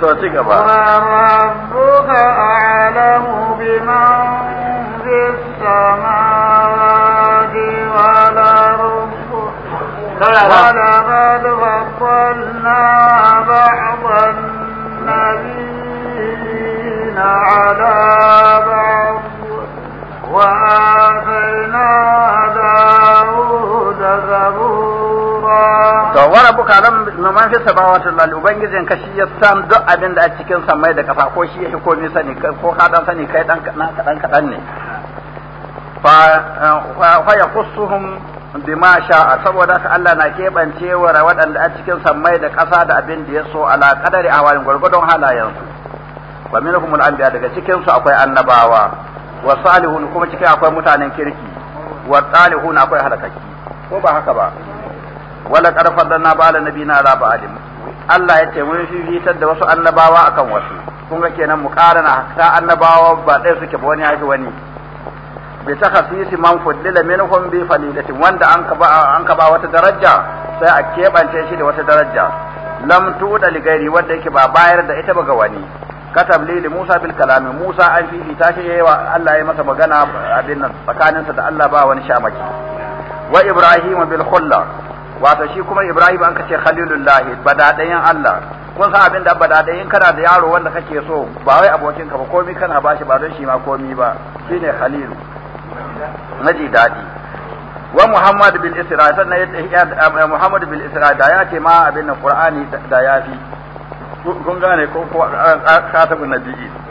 to ci gaba wa rabbuka a'lamu biman fis samawati wal ardi ولقد فضلنا to wara rabbuka lam man fi samawati wal ubangijin ka shi ya san duk abin da a cikin samai da kafa ko shi ya ko ni sani ko ka dan sani kai dan kadan kadan ne fa fa bi bima sha'a saboda ka Allah na kebance wa waɗanda a cikin mai da kasa da abin da ya so ala kadari a wani halayen su wa minhum al-anbiya daga cikin su akwai annabawa wa salihun kuma cikin akwai mutanen kirki wa salihun akwai halakaki ko ba haka ba wala karfar na bala nabi na ala ba'alim Allah ya ce mun fifitar da wasu annabawa akan wasu kun ga kenan mu karana ta annabawa ba ɗaya suke ba wani haifi wani bi ta khasisi man fuddila minhum bi falilatin wanda an ka ba an ka ba wata daraja sai a kebance shi da wata daraja lam tuda li gairi wanda yake ba bayar da ita ba ga wani katab li Musa bil kalam Musa an fi ta shi yawa Allah ya masa magana abin nan tsakaninsa da Allah ba wani shamaki wa Ibrahim bil khulla wato shi kuma Ibrahim an kace Khalilullah badadayen Allah kun san abin da badadayen kana da yaro wanda kake so ba wai abokin ka ba komai kana ba shi ba don shi ma komai ba shine Khalilu naji dadi wa Muhammad bil Isra sannan ya Muhammad bil Isra da ya ce ma abin nan Qur'ani da fi. kun gane ko ko katabun nabiyyi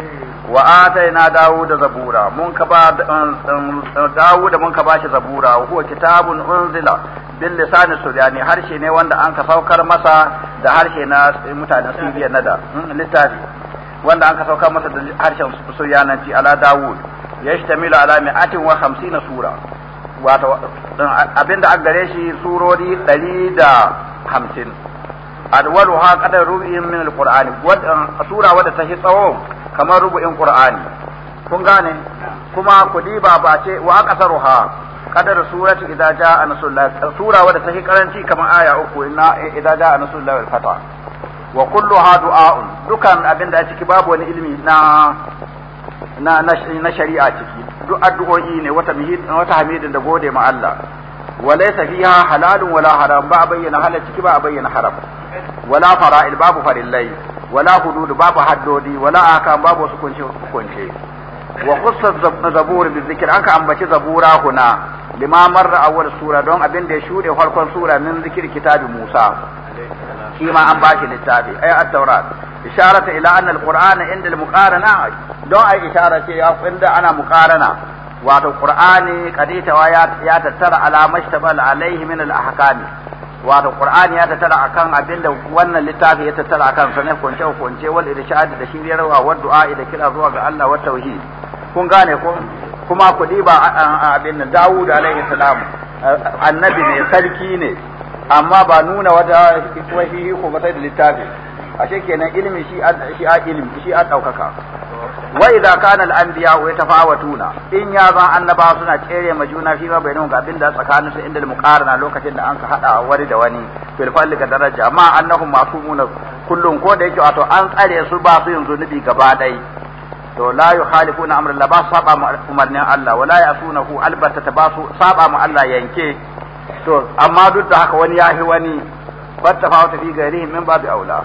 wa ataina da zabura mun ka ba dawo da um, um, mun ka bashi zabura huwa kitabun unzila bil lisani suryani harshe ne wanda an ka saukar masa da harshe na mutanen suriya na da hmm, littafi wanda an ka saukar masa da harshen suryananci ala ya dawud yashtamilu ala mi'atin wa hamsina sura wato um, abinda an gare shi surori ɗari da hamsin adwaru ha kadar rubihin min alqur'ani sura wadda ta hi tsawo kamar rubu'in qur'ani kun gane kuma kudiba ba ce wa aqsaruha qadar surati idza jaa nasrullah sura wadda take karanci kamar aya uku inna idza jaa nasrullah wal fata wa kulluha du'a'un dukan abinda a ciki babu wani ilimi na na na shari'a ciki duk addu'o'i ne wata wata hamidin da gode ma Allah وليس فيها حلال ولا حرام با bayyana حلال ciki ba bayyana haram wala fara'il babu farillai wala hududu babu haddodi wala akan babu wasu kunce kunce wa khussat zabur bi zikr an ka ambaci zabura huna lima marra awwal sura don abin da ya shude farkon sura min zikir kitabi Musa shi ma an bashi littafi ay at-taurat isharata ila anna al-qur'ana inda al-muqarana don ai isharata ce inda ana muqarana wato qur'ani kaditawa ya tattara alamai alaihi min al-ahkami wato qur'ani ya tattara akan abin da wannan littafi ya tattara akan sa ne kunce kunce wal irshad da shiryarwa wa du'a da kira zuwa ga Allah wa tauhid kun gane ko kuma ku diba abin Dawud alaihi salam annabi ne sarki ne amma ba nuna wata hikimahi ko ba sai da littafi ashe kenan ilimi shi a shi a ilimi shi a daukaka wa idza kana al anbiya yatafawatuna in ya zan annaba suna tsere ma juna fi ma bainahum ga abinda tsakanin su inda muqarana lokacin da an ka hada wani da wani fil falli ga daraja ma annahum ma'sumuna kullum ko da yake wato an tsare su ba su yin zunubi gaba dai to la yukhalifuna amra la ba saba mu umarnin Allah wala yasunahu ba su saba mu Allah yanke to amma duk da haka wani yahi wani fattafa wata fi gairihim min babu aula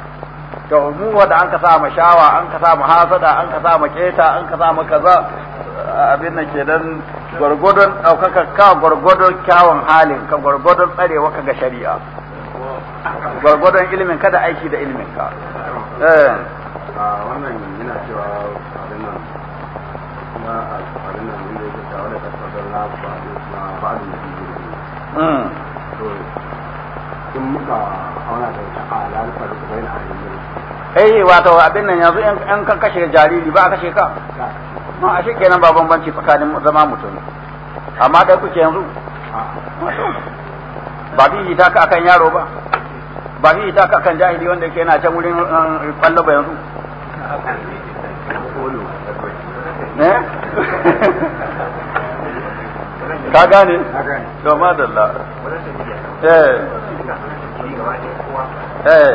to mu wanda an ka sa ma shawa an ka sa ma hasada an ka sa ma keta an ka sa ma kaza abin nan dan gwargwadon ɗaukaka ka gwargwadon kyawun halin ka gwargwadon tsarewa ka ga shari'a gwargwadon ilimin ka da aiki da ilimin ka eh. wannan yana cewa abin nan kuma abin nan inda yake tawa da kasar na ba'adun da biyu hmm. to in muka auna da ta'ala da faru bayan ayyuka eh wato abin nan yanzu in kan kashe jariri ba a kashe ka ma a kenan ba bambanci tsakanin zama mutum amma dai kuke yanzu ba bi ta ka akan yaro ba ba bi ta ka akan jahili wanda yake yana can wurin um, kwallo ba yanzu ne ka gane to madalla eh eh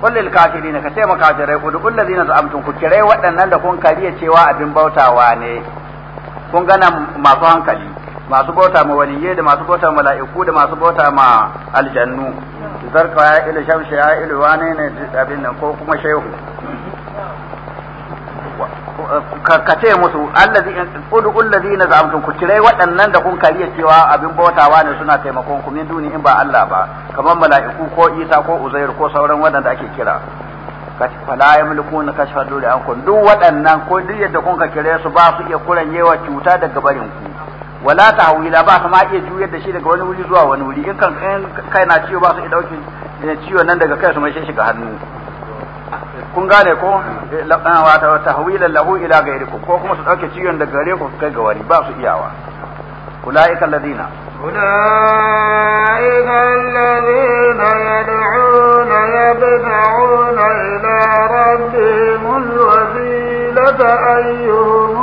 kullil kafirin ka taimaka kafirai ku dukkan ladina za'amtum ku kirai waɗannan da kun kariya cewa abin bautawa ne kun gana masu hankali masu bauta ma waliyye da masu bauta mala'iku da masu bauta ma aljannu zarka ya ilu shamshi ya ilu wane ne abin nan ko kuma shehu ka ce musu allazi ud'u na za'amtum ku kirai waɗannan da kun kariya cewa abin bautawa ne suna taimakon ku min duni in ba Allah ba kamar mala'iku ko Isa ko Uzair ko sauran waɗanda ake kira fala yamlikuna kashfa an ankum duk waɗannan ko duk yadda kun ka kire su ba su iya kuranyewa cuta daga barin ku wala tahwila ba su ma iya juyar da shi daga wani wuri zuwa wani wuri in kan kai na ciwo ba su iya dauke eh, ciwon nan daga kai su mai shi shiga hannu kun gane ko eh, wata tahwilan lahu ila gairikum ko kuma su dauke ciwon da gare ku kai ga wani ba su iyawa أولئك الذين أولئك الذين يدعون يبتعون إلى ربهم الوسيلة أيهم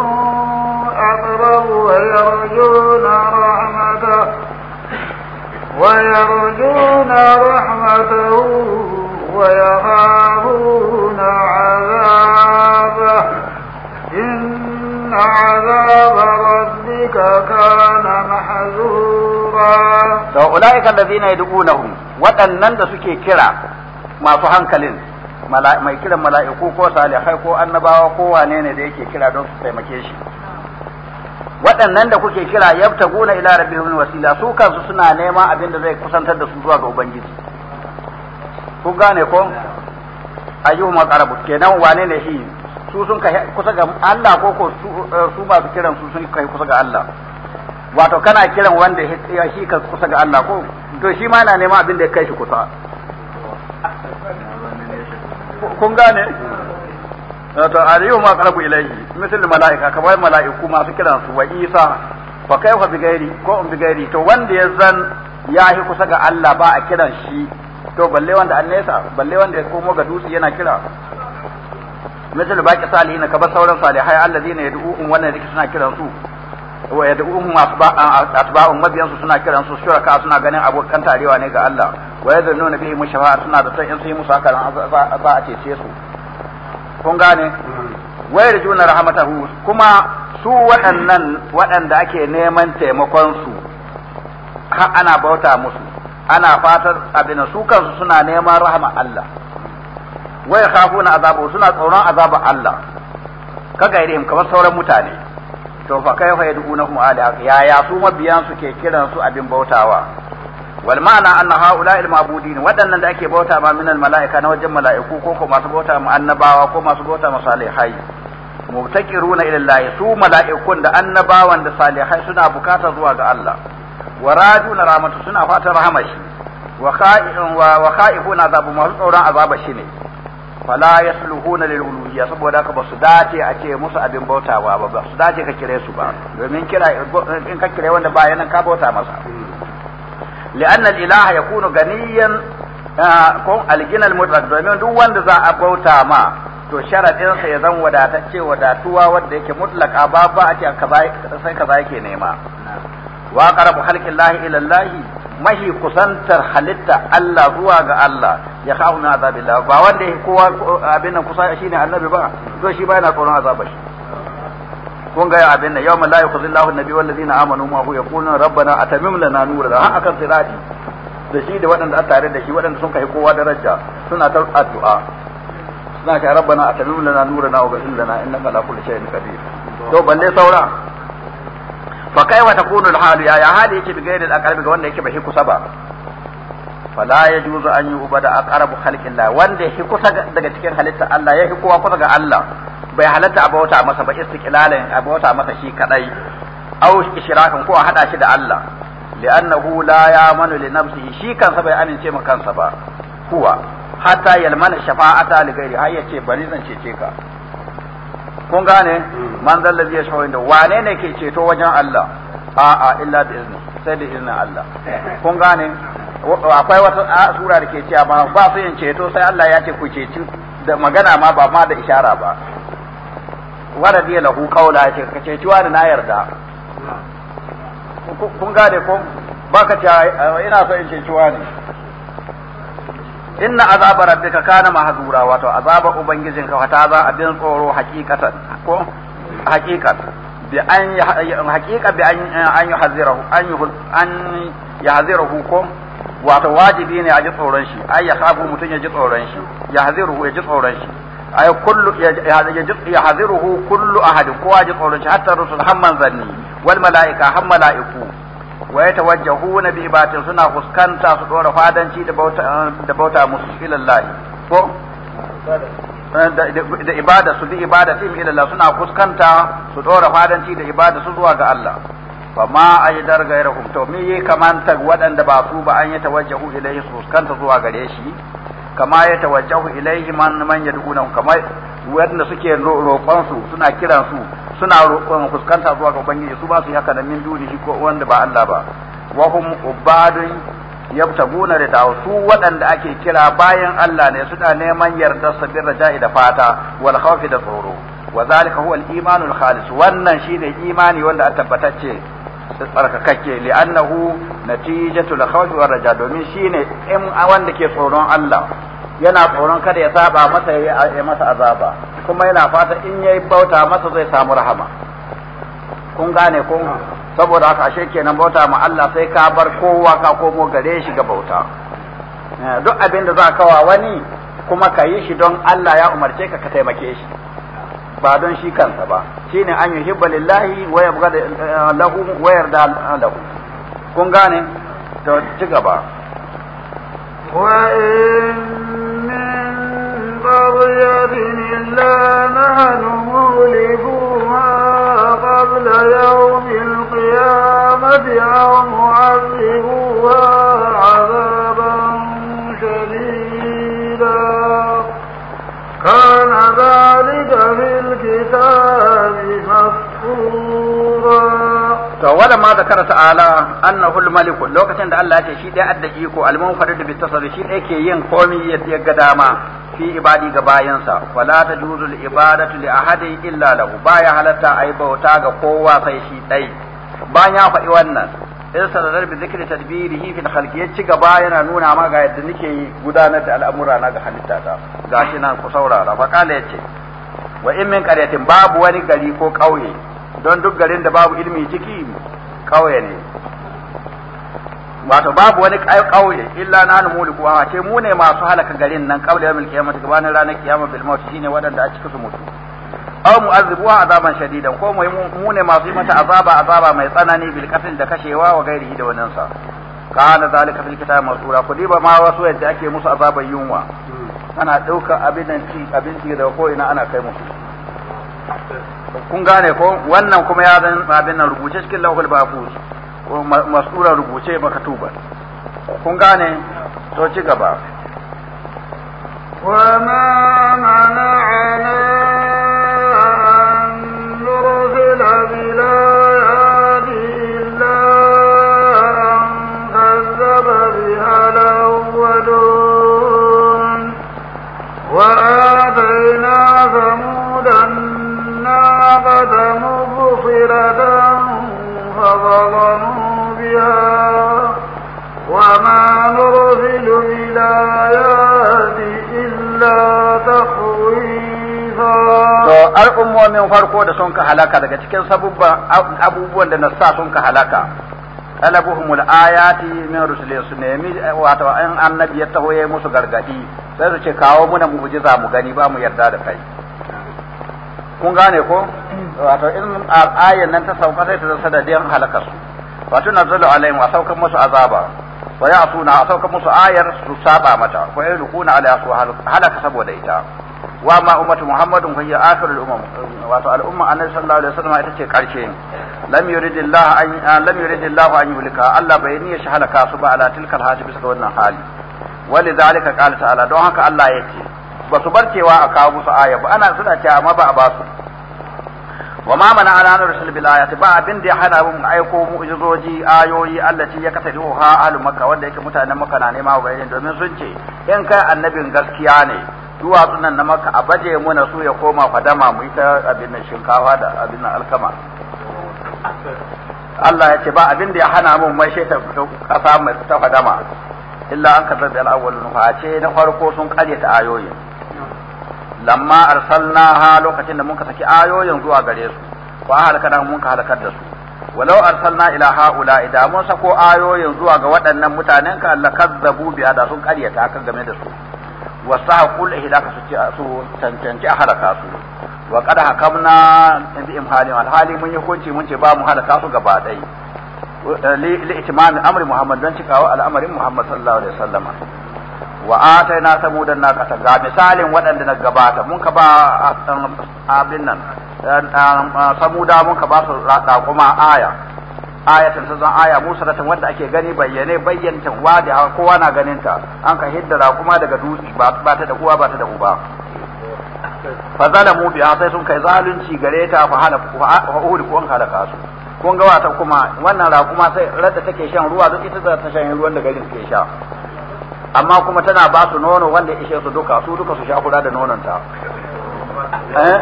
أقرب ويرجون رحمته ويرجون رحمته ويخافون عذابه إن عذاب ربك كان محذورا فأولئك الذين يدعونهم da suke kira masu hankalin, mai kiran mala'iku ko salihai ko annabawa ko wane ne da yake kira don su taimake shi waɗannan da kuke kira guna ila rabbihim wasila su kansu suna neman abin da zai kusantar da su zuwa ga ubangiji ku gane ko ayyuhum aqrabu kenan wane ne shi su sun kai kusa ga Allah ko ko eh, su masu kiran su sun kai kusa ga Allah wato kana kiran wanda ya shi ka kusa ga Allah ko to shi ma na neman abin da ya kai shi kusa kun gane to ayyuhum aqrabu ilayhi misal malaika kamar malaiku masu kiran su wa Isa fa kaifa bi gairi ko um bi gairi to wanda ya zan ya shi kusa ga Allah ba a kiran shi to balle wanda an nesa balle wanda ya komo ga dutse yana kira misal baqi salihin ka ba sauran salihai alladhina yad'uun wannan yake suna kiran su wa yad'uhum asba'un mabiyan su suna kiran su shuraka suna ganin abokan tarewa ne ga Allah wa yadhununa bihi mushafa'a suna da san in sai musa musu haka za a cece su kun gane wa yarjuna rahmatahu kuma su waɗannan waɗanda ake neman taimakon su ha ana bauta musu ana fatar abin su kansu suna neman rahama Allah kafu na azabu suna tsoron azabar Allah ka gairihim kamar sauran mutane to fa kai na yad'unahum ya yaya su mabiyan su ke kiran su abin bautawa wal ma'ana anna haula al ma'budin wadannan da ake bauta ma minal mala'ika na wajen mala'iku ko ko masu bauta ma annabawa ko masu bauta ma salihai mubtakiruna ila Allah su mala'ikun da annabawan da salihai suna bukata zuwa ga Allah wa na ramatu suna fatan rahama shi wa kha'ifun wa kha'ifuna azabu masu tsoron azaba shi ne fala yasluhuna lil uluhiyya saboda haka basu dace a ce musu abin bautawa ba ba su dace ka kire su ba domin kira in ka kire wanda ba yana ka bauta masa li'anna al ilaha yakunu ganiyan ko al-gina domin duk wanda za a bauta ma to sharadin sa ya zan wadatacce wadatuwa wanda yake mutlaka ba ba a ce sai kaza yake nema wa qarabu halqillahi ila Allah Allah zuwa ga Allah ya kawo na azabillah ba wanda yake kowa abin nan kusa shine annabi ba to kun abin nan yawma la an-nabiy wal ladina amanu ma huwa yaquluna rabbana atamim lana sirati da shi da waɗanda tare da shi waɗanda sun kai kowa daraja suna ta addu'a suna rabbana atamim lana wa ghfir lana innaka ala kulli shay'in qadir to balle saura fa kaifa takunu al ya ya hali yake bigayri al-aqrab ga wanda yake bai kusa ba fala yajuzu an yu'bada aqrabu khalqillah wanda yake kusa daga cikin halitta Allah yake kowa kusa ga Allah bai halatta abauta masa ba a abauta masa shi kadai aw ishrakan ko hada shi da Allah li'annahu la ya'manu li nafsihi shi kansa bai amince ma kansa ba huwa hatta yalmana shafa'ata li ghairi har yace bari zan cece ka kun gane man zai ladhi yashfa'u inda wane ne ke ceto wajen Allah a'a illa bi izni sai da izinin Allah kun gane akwai wata sura da ke cewa ba ba su yin ceto sai Allah ya ce ku ceci da magana ma ba ma da ishara ba wanda zai lahu kaula ce ka ceci wani na yarda kun gane ko ba ka cewa ina so in ceci wani inna azaba rabbika kana mahzura wato azaba ubangijinka wata za abin tsoro hakikatan ko hakikar bi an haqiqa bi an an yuhazirahu an yi an yahzirahu ko wato wajibi ne a ji tsoron shi ai ya sabu mutum ya ji tsoron shi ya haziruhu ya ji tsoron shi ai kullu ya haziruhu kullu ahad kowa ji tsoron shi hatta rusul hamman zanni wal malaika ham malaiku wa yatawajjahuna bi ibatin suna fuskanta su dora fadanci da bauta da bauta musu ilallahi ko Eh, da ibada su bi ibada tim ila Allah suna fuskanta su dora fadanci da ibada su zuwa ga Allah fa ma ajdar gairahum to me yi kamanta waɗanda ba su ba an yi tawajjahu ilaihi su fuskanta zuwa gare shi kama ya tawajjahu ilaihi man man yad'una kama waɗanda suke roƙon su suna kiran su suna roƙon fuskanta zuwa ga ubangiji su ba su haka da min duni ko wanda ba Allah ba wa hum ubadun yabtaguna da su waɗanda ake kira bayan Allah ne suna neman yarda sabir raja'i da fata wal khawfi da tsoro wa zalika huwa al imanul khalis wannan shine imani wanda a tabbatacce tsarkakakke li'annahu natijatul khawfi war raja domin shine in wanda ke tsoron Allah yana tsoron kada ya saba masa ya yi masa azaba kuma yana fata in yayi bauta masa zai samu rahama kun gane ko saboda haka ashe kenan bauta ma Allah sai ka bar kowa ka komo gare shi ga bauta eh, duk abin da za ka wa wani kuma ka yi shi don Allah ya umarce ka ka taimake shi ba don shi kansa ba shine an yuhibba lillahi wa yabgha eh, lahu wa yarda lahu kun gane to ci gaba wa min qaryatin illa nahnu mulifuha عليها ومعذبوها عذابا شديدا to wala ma zakara ala annahu al lokacin da Allah ya ce shi dai adda iko al-munfarid bi tasarruf shi dai ke yin komai yadda ya ga dama fi ibadi ga bayansa wala tajuzu al-ibadatu li ahadin illa lahu baya halatta ayi bauta ga kowa sai shi dai bayan ya faɗi wannan sa sadadar bi zikri tadbirihi fil khalqi ya ci gaba yana nuna ma ga yadda nake gudanar da al'amura na ga halitta ta gashi nan ku saurara fa kala yace wa in min qaryatin babu wani gari ko kauye don duk garin da babu ilmi ciki kauye ne wato babu wani kauye illa na nan muliku a ce mu ne masu halaka garin nan kabla yawmil qiyamah gabanin ranar kiyama bil maut shine wadanda a cikin su mutu aw mu'azzibuha azaban shadida ko mu ne masu yi mata azaba azaba mai tsanani bil qatl da kashewa wa gairihi da wannan sa kana zalika fil kitab masura ku diba ma wasu yadda ake musu azaban yunwa ana dauka abin ci abinci da ko ina ana kai musu kun gane ko wannan kuma ya zan abin nan rubuce cikin lauhul bafus masura rubuce tuba kun gane to ci gaba وما منعنا al'ummomin farko da sun ka halaka daga cikin sabubba abubuwan da nasa sun ka halaka talabuhumul ayati min rusuli su nemi eh, wato an annabi ya tawaye musu gargadi sai su ce kawo muna mu'jiza mu gani ba mu yarda da kai kun gane ko wato in ayan nan ta sauka sai ta zama sadadin halaka su wato nazalu alaihim wa saukan musu azaba wa ya'tuna a saukan musu ayar su saba mata wa yulquna su halaka saboda ita wa ma ummatu muhammadun fa hiya akhirul umam wato al'umma annabi sallallahu alaihi wasallam ita ce karshe lam yuridillahu an lam wulika. an yuhlika Allah bai niyya shi halaka su ba ala tilkal hali bisa ga wannan hali walidhalika qala ta'ala don haka Allah ya ce ba su barkewa a kawo musu aya ba ana suna ce amma ba a ba su wa ma mana ala rasul bil ayati ba abin da ya hana mu aiko mu'jizoji ayoyi allati ya kasadu ha ahlu makka wanda yake mutanen makka na nema wa domin sun ce in kai annabin gaskiya ne duwatsu nan na maka a baje muna su ya koma fadama mu yi abin nan shinkafa da abin nan alkama Allah ya ce ba abin da ya hana mun mai ta kasa mai ta fadama illa an ka zabi al-awwal fa ce na farko sun kare ta ayoyin lamma ha lokacin da muka saki ayoyin zuwa gare su fa halakana mun ka halakar da su walau arsalna ila haula idan mun sako ayoyin zuwa ga waɗannan mutanen ka kazzabu bi da sun karyata kan game da su wa sahqul ihlaka su ci su tantance a halaka su wa qad hakamna in bi imhalim al hali mun yakunci mun ce ba mu halaka su gaba dai li itimam amri muhammad dan ci kawo al'amarin muhammad sallallahu alaihi wasallam wa ataina samudan na kata ga misalin waɗanda na gabata mun ka ba um, abin nan um, um, samuda mun ka ba su kuma aya ayatan sun zan aya musaratan wanda ake gani bayyane bayyanta wa da kowa na ganin ta an ka hiddara kuma daga dutse ba ta da uwa ba ta da uba fa zalamu biha sai sun kai zalunci gare ta fa halaku fa uhud ko an halaka su kun ga wata kuma wannan kuma sai radda take shan ruwa duk ita za ta shan ruwan da garin ke sha amma kuma tana ba su nono wanda ishe su duka su duka su sha kula da nonon ta eh?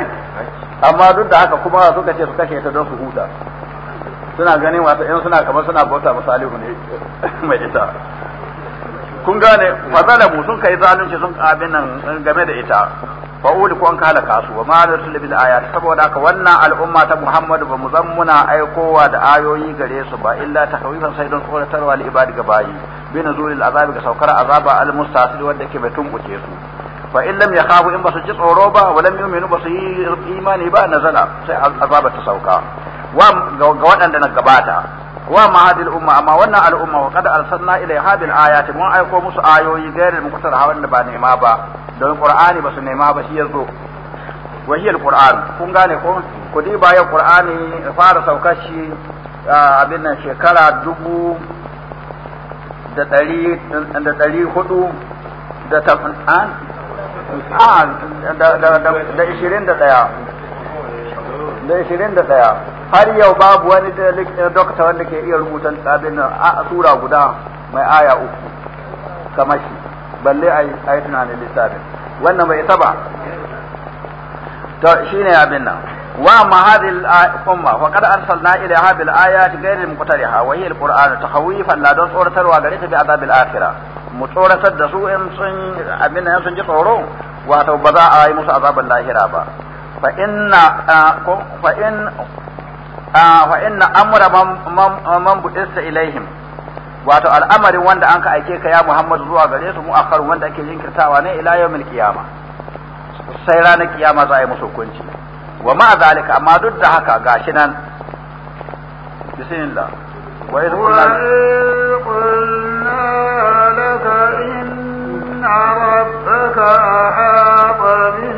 amma duk da haka kuma suka ce su kashe ta don su huta suna ganin wata in suna kamar suna bauta masu alihu ne mai ita kun gane fazalabu sun kai zalunci sun abin nan game da ita fa uli ko an kala kasu wa ma rasul bil ayat saboda haka wannan al'umma ta Muhammadu ba mu muna aikowa da ayoyi gare su ba illa takhwifan sai don tsoratarwa al ibadi ga bayi bi nuzulil azab ga saukar azaba al mustasil wanda ke bai tumbuce su fa in lam yakhafu in basu ji tsoro ba wa lam yu'minu basu yi imani ba nazala sai azaba ta sauka ga waɗanda na gabata wa ma hadil umma amma wannan al'umma wa qad arsalna ilayha bil ayati mun aiko musu ayoyi gairi mun kusar hawan da ba nema ba don qur'ani ba su nema ba shi yazo wa hiya alquran kun gane ko ku di baya qur'ani fara saukar shi abin nan shekara dubu da ɗari da ɗari hudu da da ishirin da ɗaya da ishirin da ɗaya har yau babu wani eh, dokta wanda ke iya rubuta abin a sura guda mai aya uku kamar shi balle a yi tunanin lissafin wannan bai isa ba to shine abin nan wa ma hadhihi al-umma wa qad arsalna ilayha bil ayati ghayri muqtariha wa hiya al-qur'an takhawifan la don tsoratarwa gare ta bi azab al-akhirah mu tsoratar da su in sun abin nan sun ji tsoro wato ba za a yi musu azabar lahira ba fa inna ah, fa in fa inna amra man bu'issa ilaihim wato al'amarin wanda an ka aike ka ya Muhammadu zuwa gare su mu wanda ake jinkirtawa ne ila yawmil qiyama sai ranar kiyama za a yi musu hukunci wa ma zalika amma duk da haka gashi nan bismillah wa idh qulna laka inna rabbaka ahata bin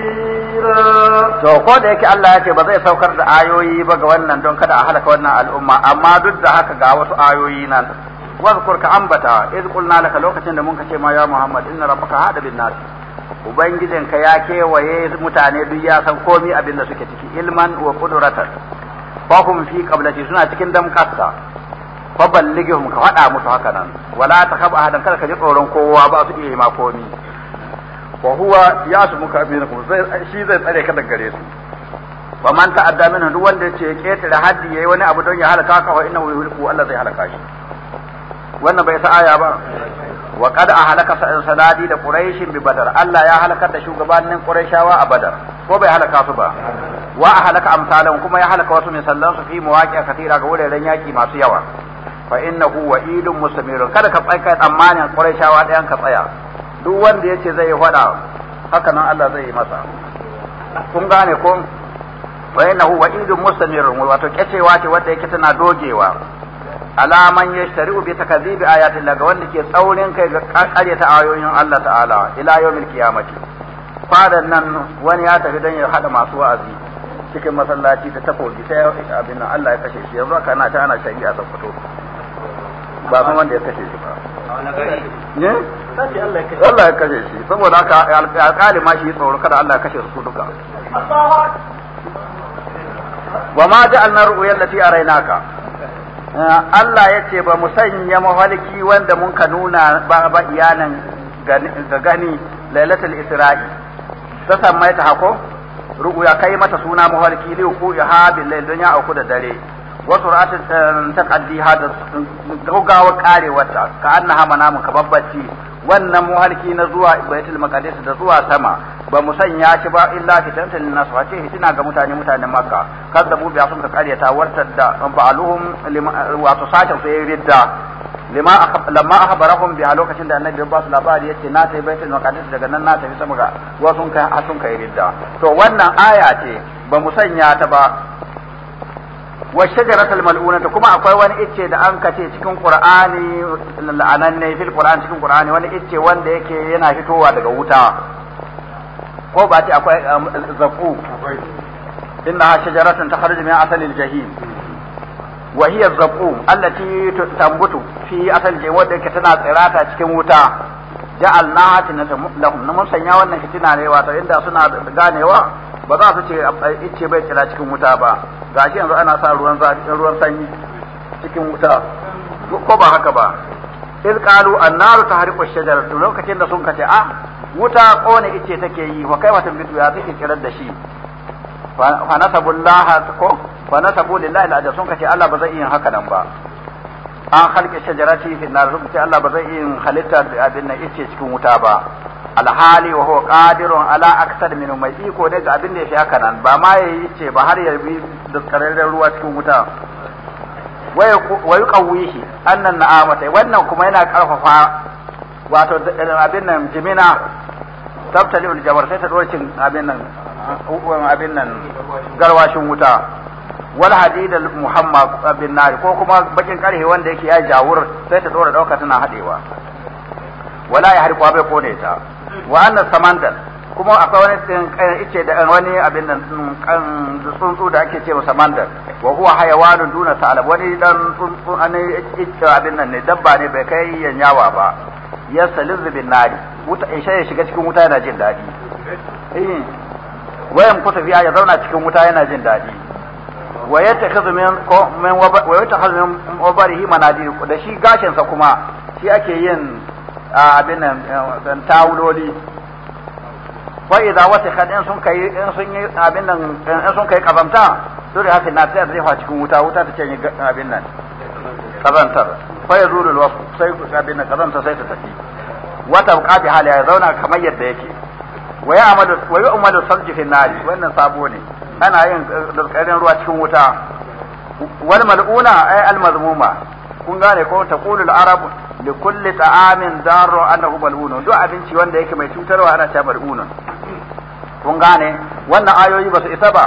نذيرا to ko da yake Allah ya ce ba zai saukar da ayoyi ba ga wannan don kada a halaka wannan al'umma amma duk da haka ga wasu ayoyi nan wazkur ka ambata iz qulna laka lokacin da mun ka ce ma ya Muhammad inna rabbaka hada bin nas ka ya kewaye mutane duk ya san komi abin da suke ciki ilman wa qudratan fahum fi qablati suna cikin damkasta fa ballighum ka haɗa musu haka nan wala takhab ahadan kada ka ji tsoron kowa ba su iya ma komi wa huwa ya su muka aminku shi zai tsare ka daga gare su wa man ta'adda min duk wanda yace ya ketare haddi yayi wani abu don ya halaka ka wa innahu yuhliku Allah zai halaka shi wannan bai sa aya ba wa qad ahlaka sanadi da quraishin bi badar Allah ya halakar da shugabannin quraishawa a badar ko bai halaka su ba wa ahlaka amsalan kuma ya halaka wasu misallan su fi mawaqi'a katira ga wuraren yaki masu yawa fa innahu wa'idun mustamirun kada ka tsaya tsammanin quraishawa ɗayan ka tsaya duk wanda ya ce zai yi faɗa haka nan Allah zai yi masa kun gane ko wa innahu wa'idun mustamirun wato kyacewa ce wanda yake tana dogewa alaman ya shari'u bi ayati Allah ga wanda ke tsaurin kai ga kakare ta ayoyin Allah ta'ala ila yawmil qiyamati fadan nan wani ya tafi dan ya hada masu wa'azi cikin masallaci da takobi sai abin nan Allah ya kashe shi yanzu kana ta ana shari'a a fito ba kuma wanda ya kashe shi ba Eh? Allah ya kashe shi saboda haka alƙali ma shi tsoro kada Allah ya kashe su duka wa ma ji ja'alna ru'yal lati rainaka. Eh, Allah ya ce ba mu sanya mahaliki wanda mun ka nuna ba ba iyanan ga gani lailatul isra'i ta mai ta hako ru'ya kai mata suna mahaliki liyu ku ya ha bil ya auku da dare wasu ra'atun ta kaddi hada gaugawa ta ka annaha manamu ka babbaci wannan muhalki na zuwa baitul maqdis da zuwa sama ba mu sanya shi ba illa fitanta lin nas wace hitina ga mutane mutanen makka kazzabu bi asun ka karyata wartar da ba'aluhum wato satan sai ridda lima lamma akhbarahum bi lokacin da annabi ba su labari yace na tafi baitul maqdis daga nan na tafi sama ga wasun kai asun kai ridda to wannan aya ce ba mu sanya ta ba wa shajaratul da kuma akwai wani icce da an kace cikin qur'ani la'ananne fil qur'an cikin qur'ani wani icce wanda yake yana fitowa daga wuta ko ba ta akwai um, zaqu innaha shajaratan takhruju min asalil jahim wa hiya zaqu allati tambutu fi asal jahim wanda yake tana tsirata cikin wuta ja'alnaha tinatan lahum mun sanya wannan fitina ne wato inda suna ganewa ba za su ce ce bai kira cikin wuta ba Ga shi yanzu ana sa ruwan zafi ruwan sanyi cikin wuta ko ba haka ba il qalu annaru tahriqu ash-shajar lokacin da sun kace ah wuta kone ice take yi wa kai watan bidu ya take kirar da shi fa nasabullaha ko fa nasabu lillahi al-ajr sun kace Allah ba zai yin haka nan ba an halke shajarati fi nar sun Allah ba zai yin halitta da abin nan ice cikin wuta ba alhali wa huwa qadirun ala aksar min mai iko ne ga abin da ya haka nan ba ma yayi ce ba har ya bi daskararren ruwa cikin wuta wa yuqawwihi annan na'amata wannan kuma yana karfafa wato eh, abin nan jimina tabtali ul jamar sai ta dorcin abin nan uh, abin nan garwashin wuta wal hadid al muhammad bin nar ko kuma bakin karhe wanda yake ya jawur sai ta dora dauka tana hadewa wala ya harko bai kone ta wa annas samandal kuma akwai wani ice da wani abin nan kan tsuntsu da ake cewa samandal wa huwa hayawanun duna ta'alab wani dan tsuntsu an ice abin nan ne dabba ne bai kai yanyawa ba ya salizu bin nari wuta isha ya shiga cikin wuta yana jin daɗi eh wayan kuta fiya ya zauna cikin wuta yana jin daɗi wa ta min min wa yattakhadhu min wabarihi manadir da shi gashin sa kuma shi ake yin abin nan eh, tawuloli wa idza wata in sun kai in sun yi abin nan eh, in sun kai kazamta. sura haka na tsaya zai fa cikin wuta wuta ta cinye abin nan kazantar fa yazulul wasf sai ku abin nan kazanta sai ta tafi wata buƙati hali ya zauna kamar yadda yake wa ya'malu wa yu'malu sarji fi nari wannan sabo ne ana yin dalkarin eh, ruwa cikin wuta wal mal'una ay al mazmuma kun gane ko taqulu al arab li kulli ta'amin darru annahu mal'unun duk abinci wanda yake mai cutarwa ana cewa mal'unun kun gane wannan ayoyi ba su isa ba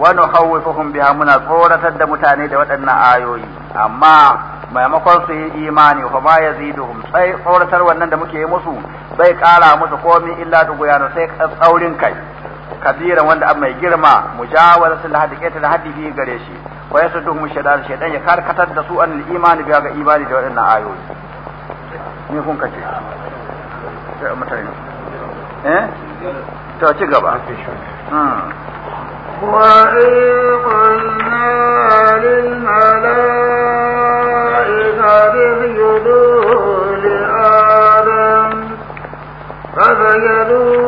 wa nukhawwifuhum biha muna tsoratar da mutane da waɗannan ayoyi amma maimakon su yi imani fa ma yaziduhum sai tsoratar wannan da muke yi musu bai kara musu komai illa duguyana sai tsaurin kai kabiran wanda mai girma mujawaratul hadi ketare hadi fi gare shi wa yasudduhum shaytan shaidan ya karkatar da su an imani biya ga imani da waɗannan ayoyi ni kun kace sai mutane eh to ci gaba hmm wa وإذ قلنا للملائكة اسجدوا لآدم فسجدوا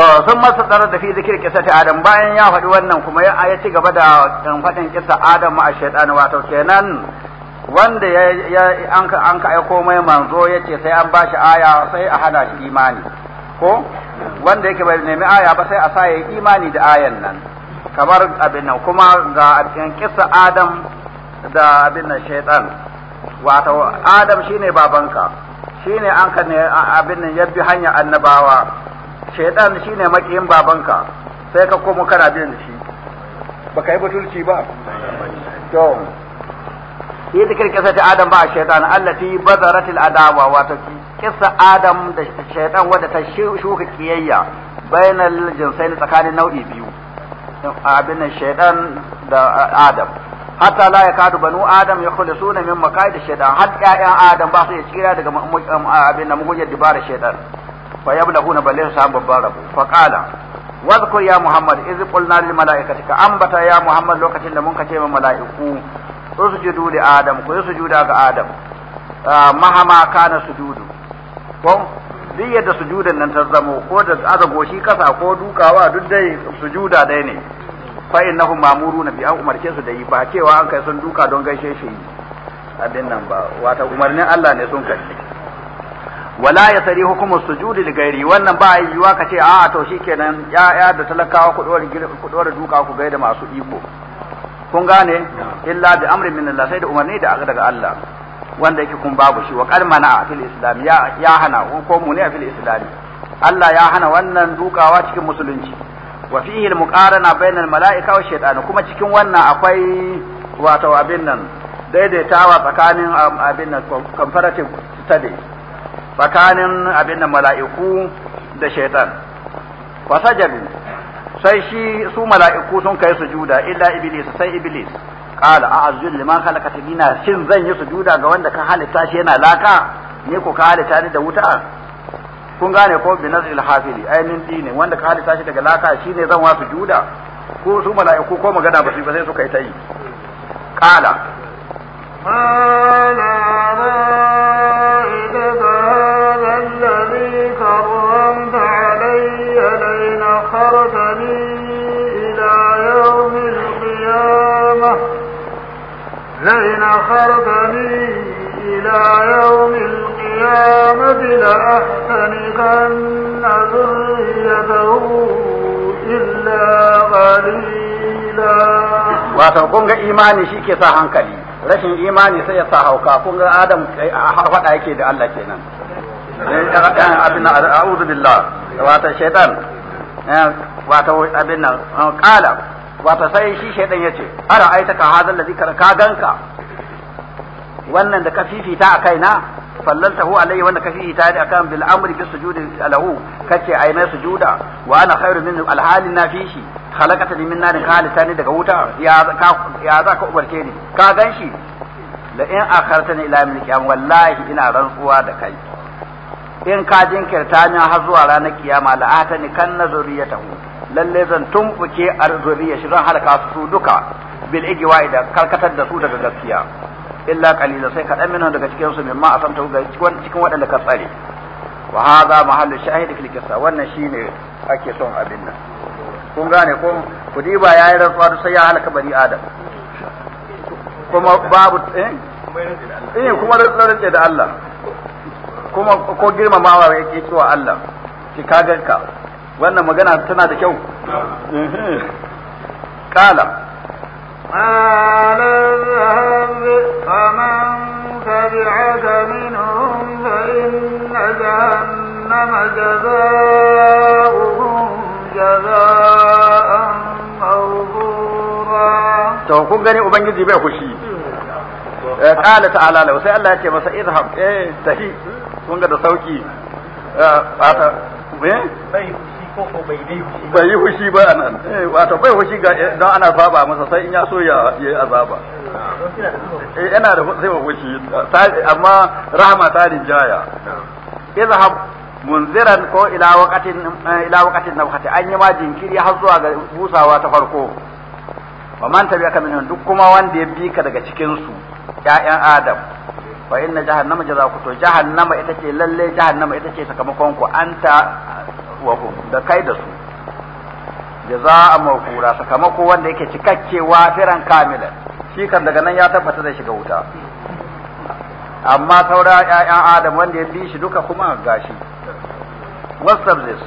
to sun masa tsara da fi zikir kisa ta adam bayan ya faɗi wannan kuma ya ci gaba da um, faɗin kisa adam a shaiɗani wato kenan wanda ya an ka an ka aiko mai manzo ce sai an ba shi aya sai a hana shi imani ko wanda yake bai nemi aya ba sai a sa yi imani da ayan nan kamar abin nan kuma ga abin kisa adam da abin nan shaiɗan wato adam shine babanka shine an ka ne abin nan yabbi hanya annabawa shaidan shine makiyin babanka sai ka komo kana biyan shi ba ka yi butulci ba to yi zikir kisa ta adam ba a Allah allati bazaratil adawa wato kisa adam da shaitan wadda ta shuka kiyayya bainal jinsaini tsakanin nau'i biyu abin shaitan da adam hatta la ya kadu banu adam ya kula suna min da shaitan har yayan adam ba su ya tsira daga abin da mugunyar dibara shaitan fa yablaghuna balil sa babban rabo fa qala wadhkur ya muhammad idh qulna lil malaikati ka ambata ya muhammad lokacin da mun kace ma mala'iku usjudu li adam ku sujuda ga adam ah, mahama kana sujudu ko duk yadda sujudan nan ta zamo ko da aza goshi kasa ko dukawa duk dai sujuda dai ne fa innahum mamuruna bi an umarce su da yi ba cewa an kai sun duka don gaishe shi abin nan ba wata umarnin Allah ne sun kai wala ya sari hukumu sujudi da gairi wannan ba yiwuwa ka ce a to kenan ya'ya da talakawa ku dora duka ku gaida masu iko kun gane illa bi amrin min Allah sai da umarni da daga Allah wanda yake kun babu shi wa qad mana fil islam ya ya hana ko mu ne fil islam Allah ya hana wannan dukawa cikin musulunci wa fihi al muqarana bainal malaika wa shaytan kuma cikin wannan akwai wato abin nan daidaitawa tsakanin um, abin nan comparative study. tsakanin abin da mala'iku da shaitan fasajadu sai shi su mala'iku sun kai su sujuda illa iblis sai iblis a a'azzu liman ta gina shin zan yi su sujuda ga wanda ka halitta shi yana laka ne ko ka halitta ni da wuta kun gane ko bi nazil ilhafili, ainihin dini, wanda ka halitta shi daga laka shine zan wa juda, ko su mala'iku ko magana ba su ba sai suka kai ta yi qala أخرتني إلى يوم القيامة لأحتنقن ذريته إلا قليلا wato kun ga imani shi ke sa hankali rashin imani sai ya sa hauka kun ga adam har faɗa yake da Allah kenan abin a'udhu billah wata shaitan wata abin nan qala wata sai shi shaitan yace ara aitaka hadha allazi ka ganka wannan da ka fifita a kaina fallaltahu alayhi wanda ka fifita da akan bil amri bis sujudi lahu kace ai mai sujuda wa ana khairu min alhalin na fishi khalaqatani min narin khalitani daga wuta ya ka ya za ka ubarke ni ka ganshi la in akhartani ila min qiyam wallahi ina rantsuwa da kai in ka jinkirta ni har zuwa ranar kiyama la atani kan nazuriyatahu lalle zan tumbuke arzuriya shi zan halaka su duka bil igwa idan karkatar da su daga gaskiya illa qalila sai kaɗan minhu daga cikin su mimma asamta ga cikin waɗanda ka tsare wa hadha mahallu shahidi fil kisa wannan shine ake son abin nan kun gane ko ku diba yayi rantsuwa sai ya halaka bani adam kuma babu eh eh kuma rantsuwa da Allah kuma ko wa yake cewa Allah ki kagarka wannan magana tana da kyau eh, eh. kala to kun gani ubangiji bai kushi قال eh, ta'ala sai Allah ya ce masa idhab eh tahi kun ga da sauki eh, ba ta bai yi fushi ba nan eh, wato bai fushi ga eh, don ana zaba masa sai in ya so ya yi azaba eh, yana da sai fushi amma rahama ta rinjaya ha munziran ko ila waqatin ila waqatin nabhati an yi ma jinkiri har zuwa ga busawa ta farko wa man tabi'aka minhum duk kuma wanda ya bi ka daga cikin su ƴaƴan adam fa inna jahannama jazaku to jahannama ita ce lalle jahannama ita ce sakamakon ku anta wahum da kai da su a mawqura sakamako wanda yake cikakkewa firan kamila shi kan daga nan ya tabbata zai shiga wuta amma saura ƴaƴan adam wanda ya bi shi duka kuma gashi wasabzis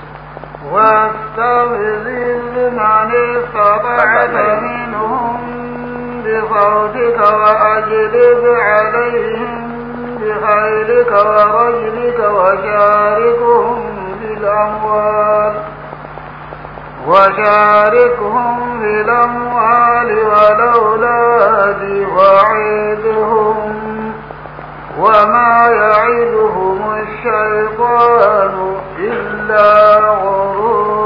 واستغفر استطعت منهم بفرجك عليهم بخيرك ورجلك وشاركهم الأموال وشاركهم في الأموال والأولاد وعيدهم وما يعدهم الشيطان إلا غرورا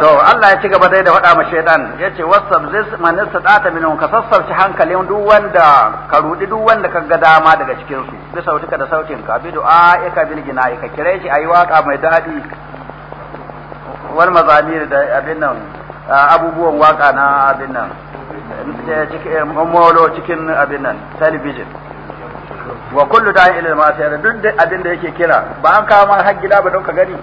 to Allah ya ci gaba dai da faɗa ma shaidan ya ce wasab zis man istata minhum ka sassauci hankalin duk wanda ka rudi duk ka ga dama daga cikin su bi sautuka da sautin ka bi du'a ka bil gina ka kire shi ayi waka mai daɗi wal mazamir da abin nan abubuwan waka na abin nan cikin molo cikin abin nan talabijin wa kullu da'in ila ma'asiyar duk da abin da yake kira ba an kawo har gida ba don ka gani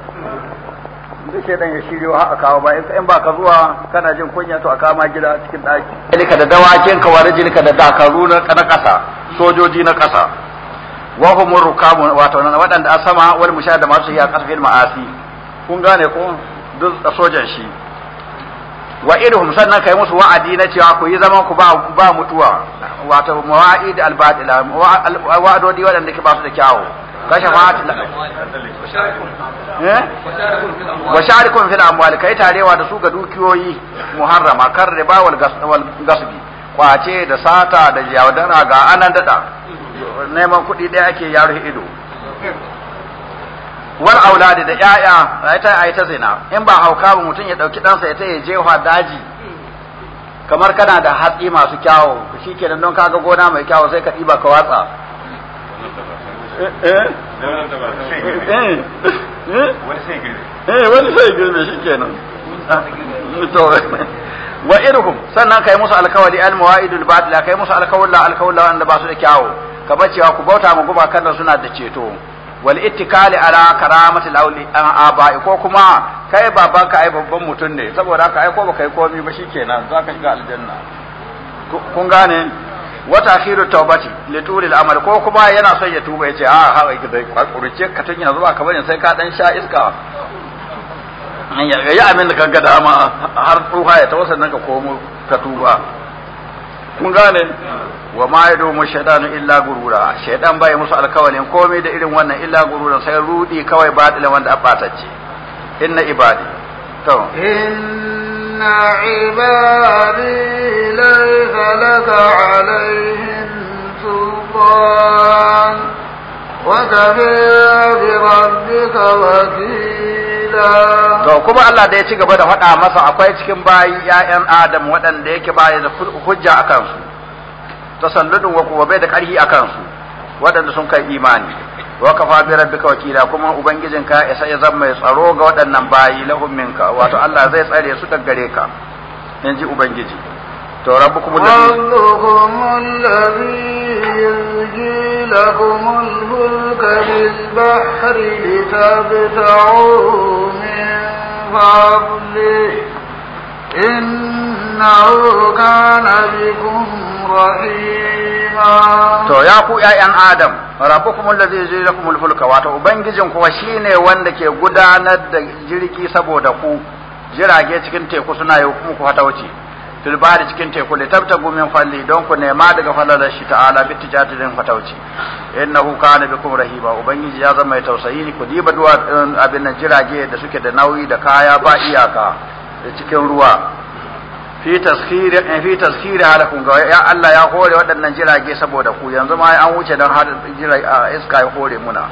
duk sai dan ya shiryo har a kawo ba in ba ka zuwa kana jin kunya to a kawo ma gida cikin daki ilka da dawakin ka wari da dakaru na kasa sojoji na kasa wa hum rukamu wato nan wadanda a sama wal mushahada masu yi a kasfil ma'asi kun gane ko duk sojan shi wa idhum sannan kai musu wa'adi na cewa ku yi zaman ku ba ba mutuwa wato mawa'id al-batila wa'adodi wadanda ke ba su da kyawu kashe fa'at eh wa sharikum fil amwal kai tarewa da su ga dukiyoyi muharrama kar riba wal gasbi kwace da sata da yaudara ga anan dada neman kuɗi ɗaya ake yaro ido wal auladi da yaya ayata ayata zina in ba hauka ba mutum ya dauki ɗansa ya taye jewa daji kamar kana da hatsi masu kyawo shikenan don kaga gona mai kyawo sai ka diba ka watsa eh, eh, eh, wani sai girbe shi kenan wa irhum sannan kai musu alkawali al mawaidul batila kai musu alkawalla alkawalla wanda ba su da kyawo ka bacewa ku bauta mu guba kan suna da ceto wal ittikali ala karamatil an abai ko kuma kai babanka ai babban mutum ne saboda ka ai ko baka yi komai ba shikenan zaka shiga aljanna kun gane wa ta'khiru tawbati li tulil amal ko kuma yana son ya tuba yace a ah, ha ai dai kurce ka tun yanzu ba ka bane sai ka dan sha iska an ya ya amin da kaga dama har tsuha ya tawassal nan ka komo ka tuba kun gane wa ma yadu mushaitanu illa gurura shaidan bai musu alkawalin komai da irin wannan illa gurura sai rudi kawai batilan wanda abatacce inna ibadi to inna ibadi laysa laka alaihim sultan wa kafa bi rabbika wakil to kuma Allah da ya ci gaba da faɗa masa akwai cikin bayi yayan Adam waɗanda yake baya da hujja a kansu, su sandudin wa kuwa bai da ƙarhi a kansu waɗanda sun kai imani wa kafa bi duka wakila kuma ubangijinka ya isa zama mai tsaro ga waɗannan bayi na minka wato Allah zai tsare su daga gare ka inji ubangiji to rabbukum ويزجي لكم الفلك بالبحر لتبتعوا من فضله إنه كان بكم رحيما to ya ku ƴaƴan adam rabbukum allazi yajri lakum alfulka wato ubangijin kuwa shine wanda ke gudanar da jirgi saboda ku jirage cikin teku suna yi muku fatauci fil bari cikin teku li tabtagu min falli don ku nema daga falalar shi ta'ala bi tijatirin fatauci innahu kana bikum rahiba ubangiji ya zama mai tausayi ku diba duwa um, abin nan jirage da suke da nauyi da kaya ba iyaka da cikin ruwa fi taskiri eh, fi taskiri halakum ga ya Allah ya hore waɗannan jirage saboda ku yanzu ma an wuce don har ah, iska ya hore muna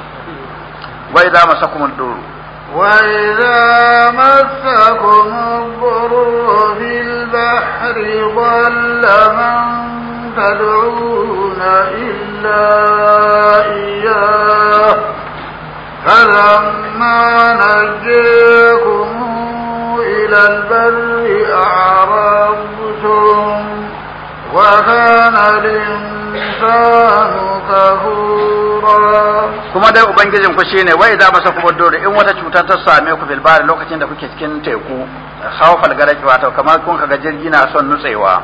wai za mu masakumul duru وإذا مسكم البحر ضل من تدعون إلا إياه فلما نجيكم إلى البر وكان الإنسان كفورا kuma dai ubangijin ku shine wai za masa kuma dole in wata cuta ta same ku filbari lokacin da kuke cikin teku khawfal garaki wato kamar kun kaga jirgi na son nutsewa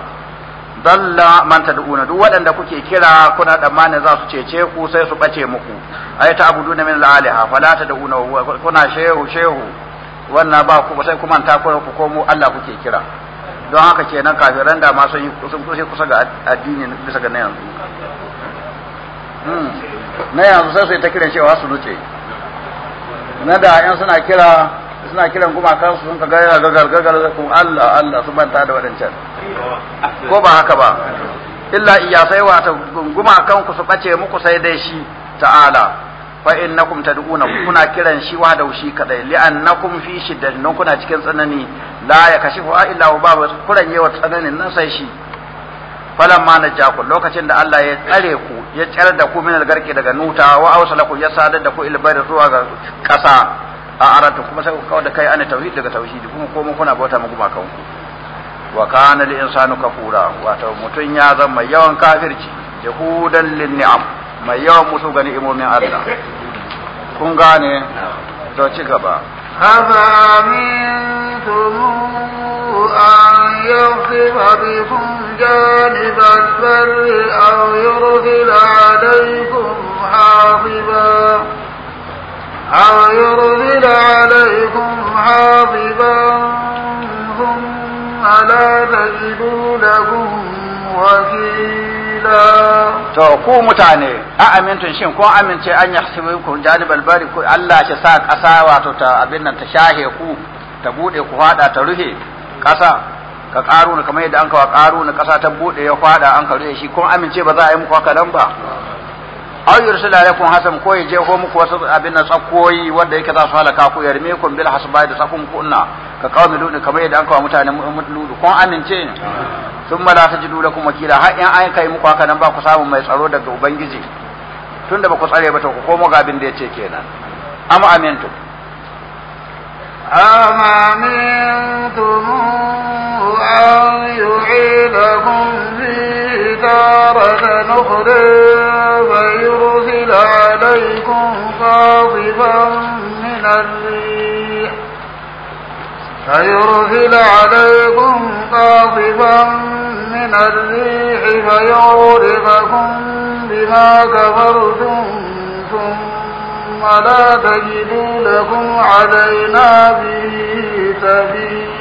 dalla man tad'una duk waɗanda kuke kira kuna tsammanin za su cece ku sai su bace muku ay ta'buduna min al-aliha fala tad'una kuna shehu shehu wannan ba ku sai kuma ta ku komo Allah kuke kira don haka kenan kafiran da ma sun kusa ga addinin bisa ga na yanzu hmm. na yanzu sai sai ta kiran cewa su nuce na da yan suna kira suna kiran gumakan su sun ka gaya gagar gagar kun Allah Allah su banta da wadancan ko ba haka ba illa iya sai wata gumakan ku su bace muku sai dai shi ta'ala fa innakum tad'una kuna kiran shi wa da shi kadai annakum fi shiddatin kuna cikin tsanani la ya kashifu illa wa babu kuran yawa tsananin nan sai shi ma na najakum lokacin da Allah ya tsare ku ya tsare da ku min algarki daga nuta wa awsalakum ya sadar da ku ilbar zuwa ga kasa a aratu kuma sai ku kawo da kai ana tauhid daga tauhidi kuma ko mun kuna bauta muku makan ku wa kana lil insanu kafura wato mutun ya zama yawan kafirci jahudan lin ni'am mai yawan musu ga ni'imomin Allah kun gane to ci gaba min يخصف بكم جانب البر أو يرسل عليكم حاصبا أو يرسل عليكم حاصبا ثم لا تجدوا لكم wakila to ku mutane a amintun shin kun amince an yahsibu ku janibal bari ku Allah ya sa kasa wato ta abin nan ta shahe ku ta bude ku hada ta ruhe kasa ka karu na kamar yadda an kawo karu na ƙasa ta buɗe ya kwaɗa an karu shi kun amince ba za a yi muku haka nan ba aw yursila alaikum hasan ko ya ko muku wasu abin nan tsakkoyi wanda yake za su halaka ku yarme kun bil hasba da tsakun kunna ka qaumi ludu kamar yadda an kawo mutanen ludu kun amince ne thumma la tajidu lakum wakila har in an kai muku haka nan ba ku samu mai tsaro daga ubangiji tunda ba ku tsare ba to ku komo ga abin da yace kenan amma amintu am amintum أن يعيدكم في تارة أخرى فيرسل عليكم قاصفا من الريح فيرسل عليكم قاصفا من الريح فيغرقكم بما كفرتم ثم لا تجدوا لكم علينا به سبيلا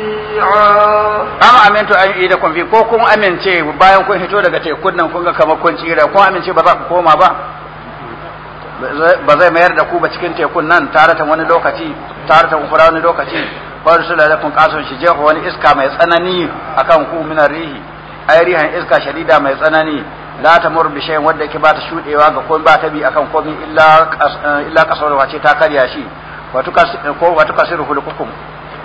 am amintu an yi da kun fi ko kun amince bayan kun hito daga tekun nan kun ga kamar kun tsira kun amince ba za ku koma ba ba zai mayar da ku ba cikin tekun nan tare ta wani lokaci tare ta kufura wani lokaci ba su da kun kason shi jefa wani iska mai tsanani akan ku minar rihi ai rihan iska shadida mai tsanani la ta mur bi shay'in wanda yake ba ta shudewa ga komai ba ta bi akan komai illa eh, illa kasar wace ta karya shi wato ko wato kasiru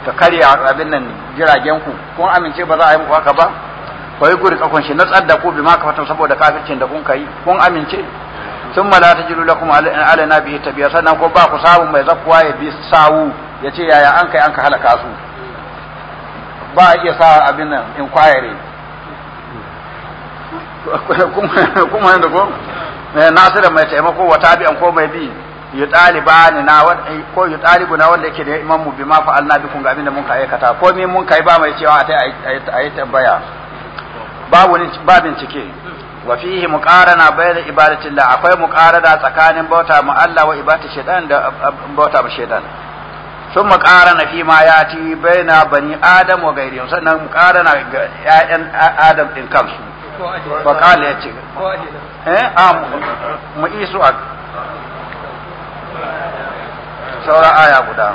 ta karya abin nan jiragen ku kun amince ba za a yi muku haka ba ko yi guri kakon shi na tsadda ku bi ma fatan saboda kafircin da kun kai kun amince sun mala ta jiru lakum alana bihi tabiya sannan ko ba ku samu mai zakkuwa ya bi sawu ya ce yaya an kai an ka halaka su ba a iya sa abin nan inquiry kuma yadda ko eh, nasirin mai taimako wa tabi'an ko mai bi yutalibani na eh, ko yutalibu na wanda yake da imam mu bima fa'alna bikum ga abinda mun ka aikata ko me mun kai ba mai cewa atai ayi tabbaya babu ni babin cike wa fihi muqarana bayna ibadati Allah akwai muqarada tsakanin bauta mu Allah wa ibadati shaytan da bauta mu shaytan sun muqarana fi ma yati bayna bani adam wa ghairihim sannan muqarana ga ƴaƴan adam din kansu fa qala eh, saura aya guda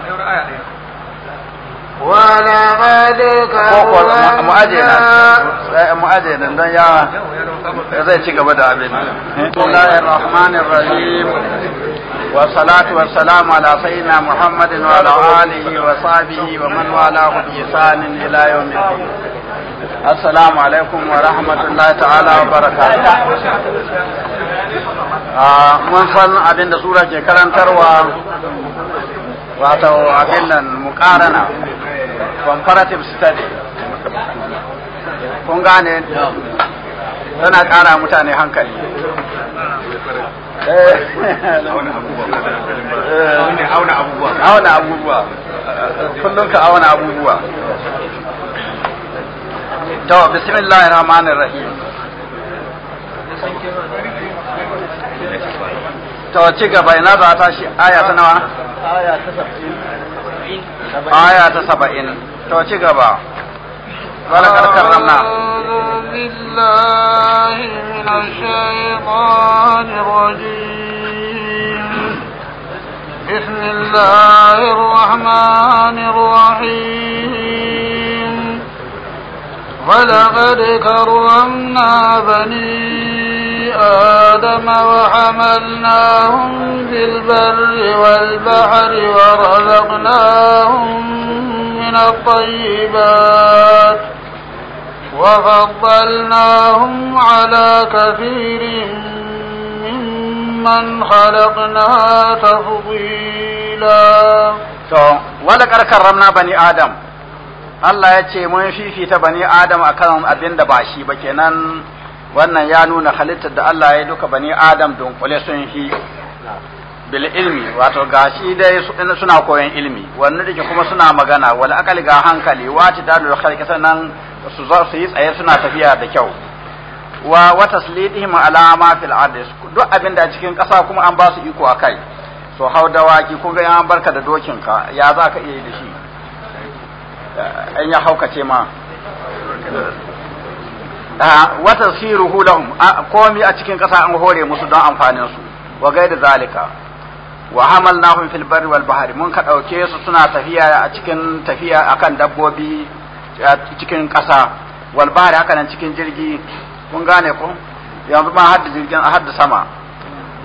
eh, mu aje nan don ya zai ci gaba da abin Bismillahir Rahmanir Rahim والصلاة والسلام wa سيدنا wa وعلى آله وصحبه ومن والاه بإحسان إلى يوم الدين wa عليكم wa الله wa وبركاته ah, mun san abin da sura ke karantarwa wato abin nan mukarana comparative study kun gane tana kara mutane hankali eh. Eh. auna abubuwa abubuwa kullum ka auna abubuwa to bismillahir rahmanir rahim to ci gaba ina za ta shi aya ta nawa aya ta 70 aya ta to ci gaba ولقد كرمنا بني آدم وحملناهم في البر والبحر ورزقناهم من الطيبات وفضلناهم على كثير ممن خلقنا تفضيلا ولقد كرمنا بني آدم Allah ya ce mun fifita bani Adam akan abin da ba shi ba kenan wannan ya nuna halittar da Allah ya duka bani Adam don kule sun shi bil ilmi wato gashi dai suna koyon ilmi wannan dake kuma suna magana wal akal ga hankali da dalil khalqi sanan su za su yi tsaye suna tafiya da kyau wa wata taslidihim alama fil ard duk abin da cikin kasa kuma an ba su iko akai so hau dawaki kun ga an barka da dokin ka ya za ka iya yi da shi an eh, ya haukace ma Ah, wa tasiruhu lahum ah, komi a cikin ƙasa an hore musu don amfanin su wa gaida zalika wa hamalnahum fil barri wal bahri mun ka dauke su suna tafiya a cikin tafiya akan dabbobi a cikin ƙasa wal bahri haka nan cikin jirgi kun gane ko yanzu ma hadda jirgin hadda sama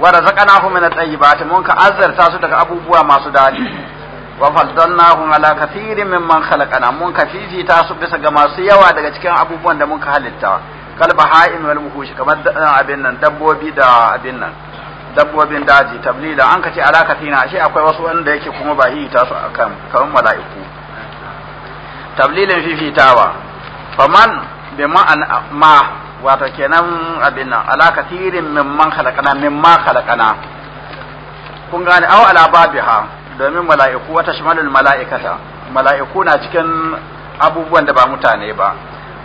wa razaqnahum min at-tayyibati mun ka azzarta su daga abubuwa masu dadi wa faddalnahum ala kathirin mimman khalaqana mun kafifi ta su bisa ga masu yawa daga cikin abubuwan da muka halitta kalba ha'im wal muhush kamar eh, abin nan dabbobi da abin nan dabbobin daji tablila an kace ala kathina shi akwai wasu wanda yake kuma ba yi ta su akan kamar mala'iku tablilin fifitawa faman bi ma'an ma wato kenan abin nan ala kathirin mimman khalaqana mimma khalaqana kun gane aw ala babiha domin mala'iku wata shimalin mala'ikata mala'iku na cikin abubuwan da ba mutane ba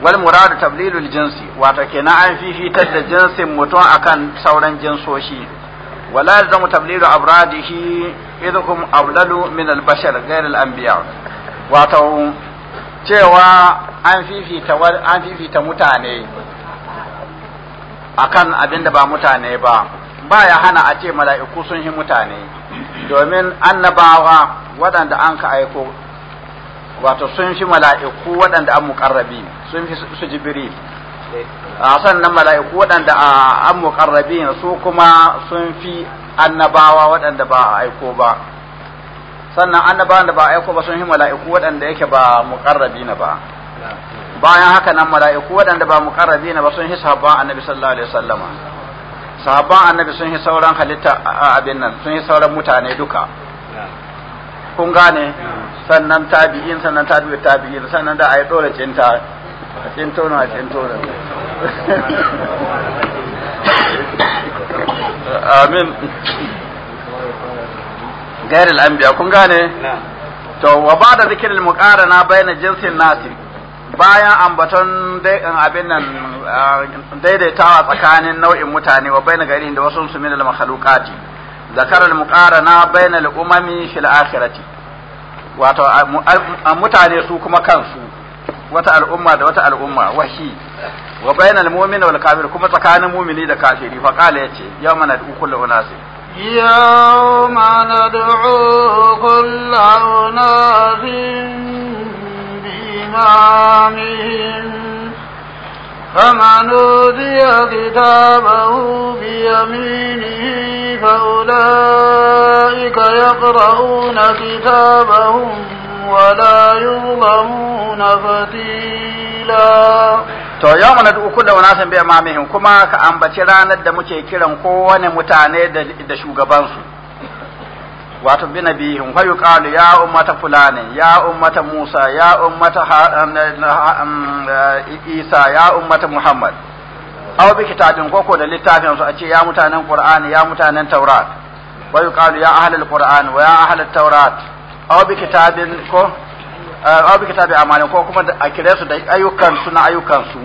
wal muradu tablilul jinsi wato kenan an fifitar da jinsin mutum akan sauran jinsoshi wala yalzamu tablilu abradihi idhum ablalu min al bashar ghayr al cewa an fifita an fifita mutane akan abin da ba mutane ba ba ya hana a ce mala'iku sun yi mutane domin annabawa waɗanda an ka aiko wato sun fi mala'iku waɗanda an muƙarrabi sun fi su jibiri a sannan mala'iku waɗanda an muƙarrabi su kuma sun fi annabawa waɗanda ba a aiko ba sannan annabawa da ba a aiko ba sun fi mala'iku waɗanda yake ba muƙarrabi na ba bayan haka nan mala'iku waɗanda ba muƙarrabi na ba sun fi sahabban annabi sallallahu alaihi wasallama sahabban annabi sun yi sauran halitta a abin nan sun yi sauran mutane duka kun gane sannan tabi'in sannan tabi'in tabi'in sannan da ayi dole cinta a cintona a cintona amin gairil anbiya kun gane to wa ba da zikirin muqarana bayna jinsin nasi bayan ambaton eh, abin nan eh, daidaitawa tsakanin nau'in mutane wa baina gari da wasu su min al-makhluqati zakara al-muqarana baina al-umami fil akhirati wato mutane su kuma kansu wata al'umma da wata al'umma wahi wa baina al-mu'min wal kafir kuma tsakanin mu'mini da kafiri fa qala yace yawma nad'u kullu unasi yawma nad'u kullu unasi إمامهم فمن أوذي كتابه بيمينه فأولئك يقرؤون كتابهم ولا يظلمون فتيلا to yawon mana uku da wani bai mamihim kuma ka ambaci ranar da muke kiran kowane mutane da shugabansu wato bi nabihim fa yuqalu ya ummata fulani ya ummata musa ya ummata isa ya ummata muhammad aw bi kitabin koko da littafin su a ce ya mutanen qur'ani ya mutanen taurat wa yuqalu ya ahlul qur'an wa ya ahlul taurat aw bi kitabin ko eh, aw bi kitabi amalin ko kuma a kire su da ayyukan su na ayyukan su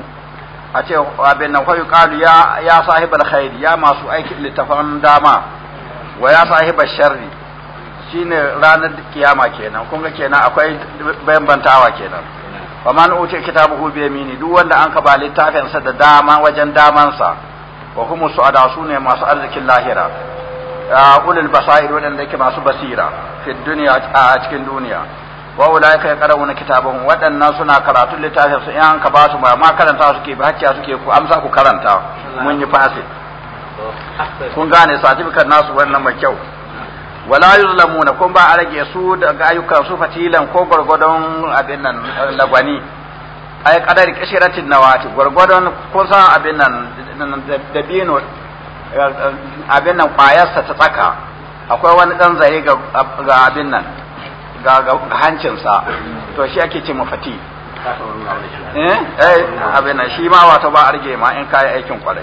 a ce abin nan kwayo kalu ya ya sahibal khair ya masu aiki littafan dama wa ya sahibal sharri shine ranar kiyama kenan kun ga kenan akwai bambantawa kenan faman uce kitabuhu bi yamini duk wanda an kaba littafin sa da dama wajen daman sa wa humu su ne masu arzikin lahira ulul basair wadanda yake masu basira fi dunya a cikin duniya wa ulaika na kitabun wadannan suna karatu littafin su in an ka ba su ba ma karanta suke ba hakkiya suke ku amsa ku karanta mun yi fasil kun gane certificate nasu wannan mai kyau wala yuzlamuna kun ba a rage su daga ayyukan su fatilan ko gwargwadon abin nan lagwani ay kadari kashiratin nawati gwargwadon kun san abin nan da bino abin nan kwayarsa ta tsaka akwai wani dan zare ga abin nan ga hancinsa to shi ake ce mafati eh eh abin nan shi ma wato ba a rage ma in kai aikin kwarai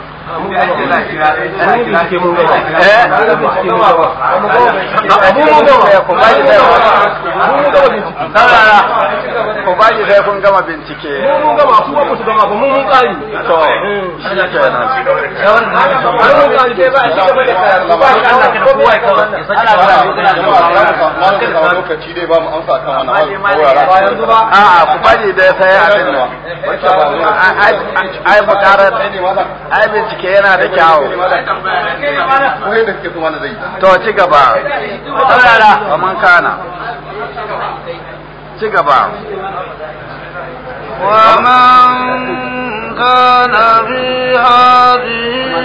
ku ba shi sai kun gama bincike mun gama ku ba ku gama ba mun kari to hmm. shi kenan har mun kari ba shi gaba da karatu ba Allah ka ko wai ka Allah ba mu ba mu amsa kan wannan ba yanzu ba a a ku ba sai abin nan ai ai bincike yana da kyawu to ci gaba wa man kana ci gaba ومن كان في هذه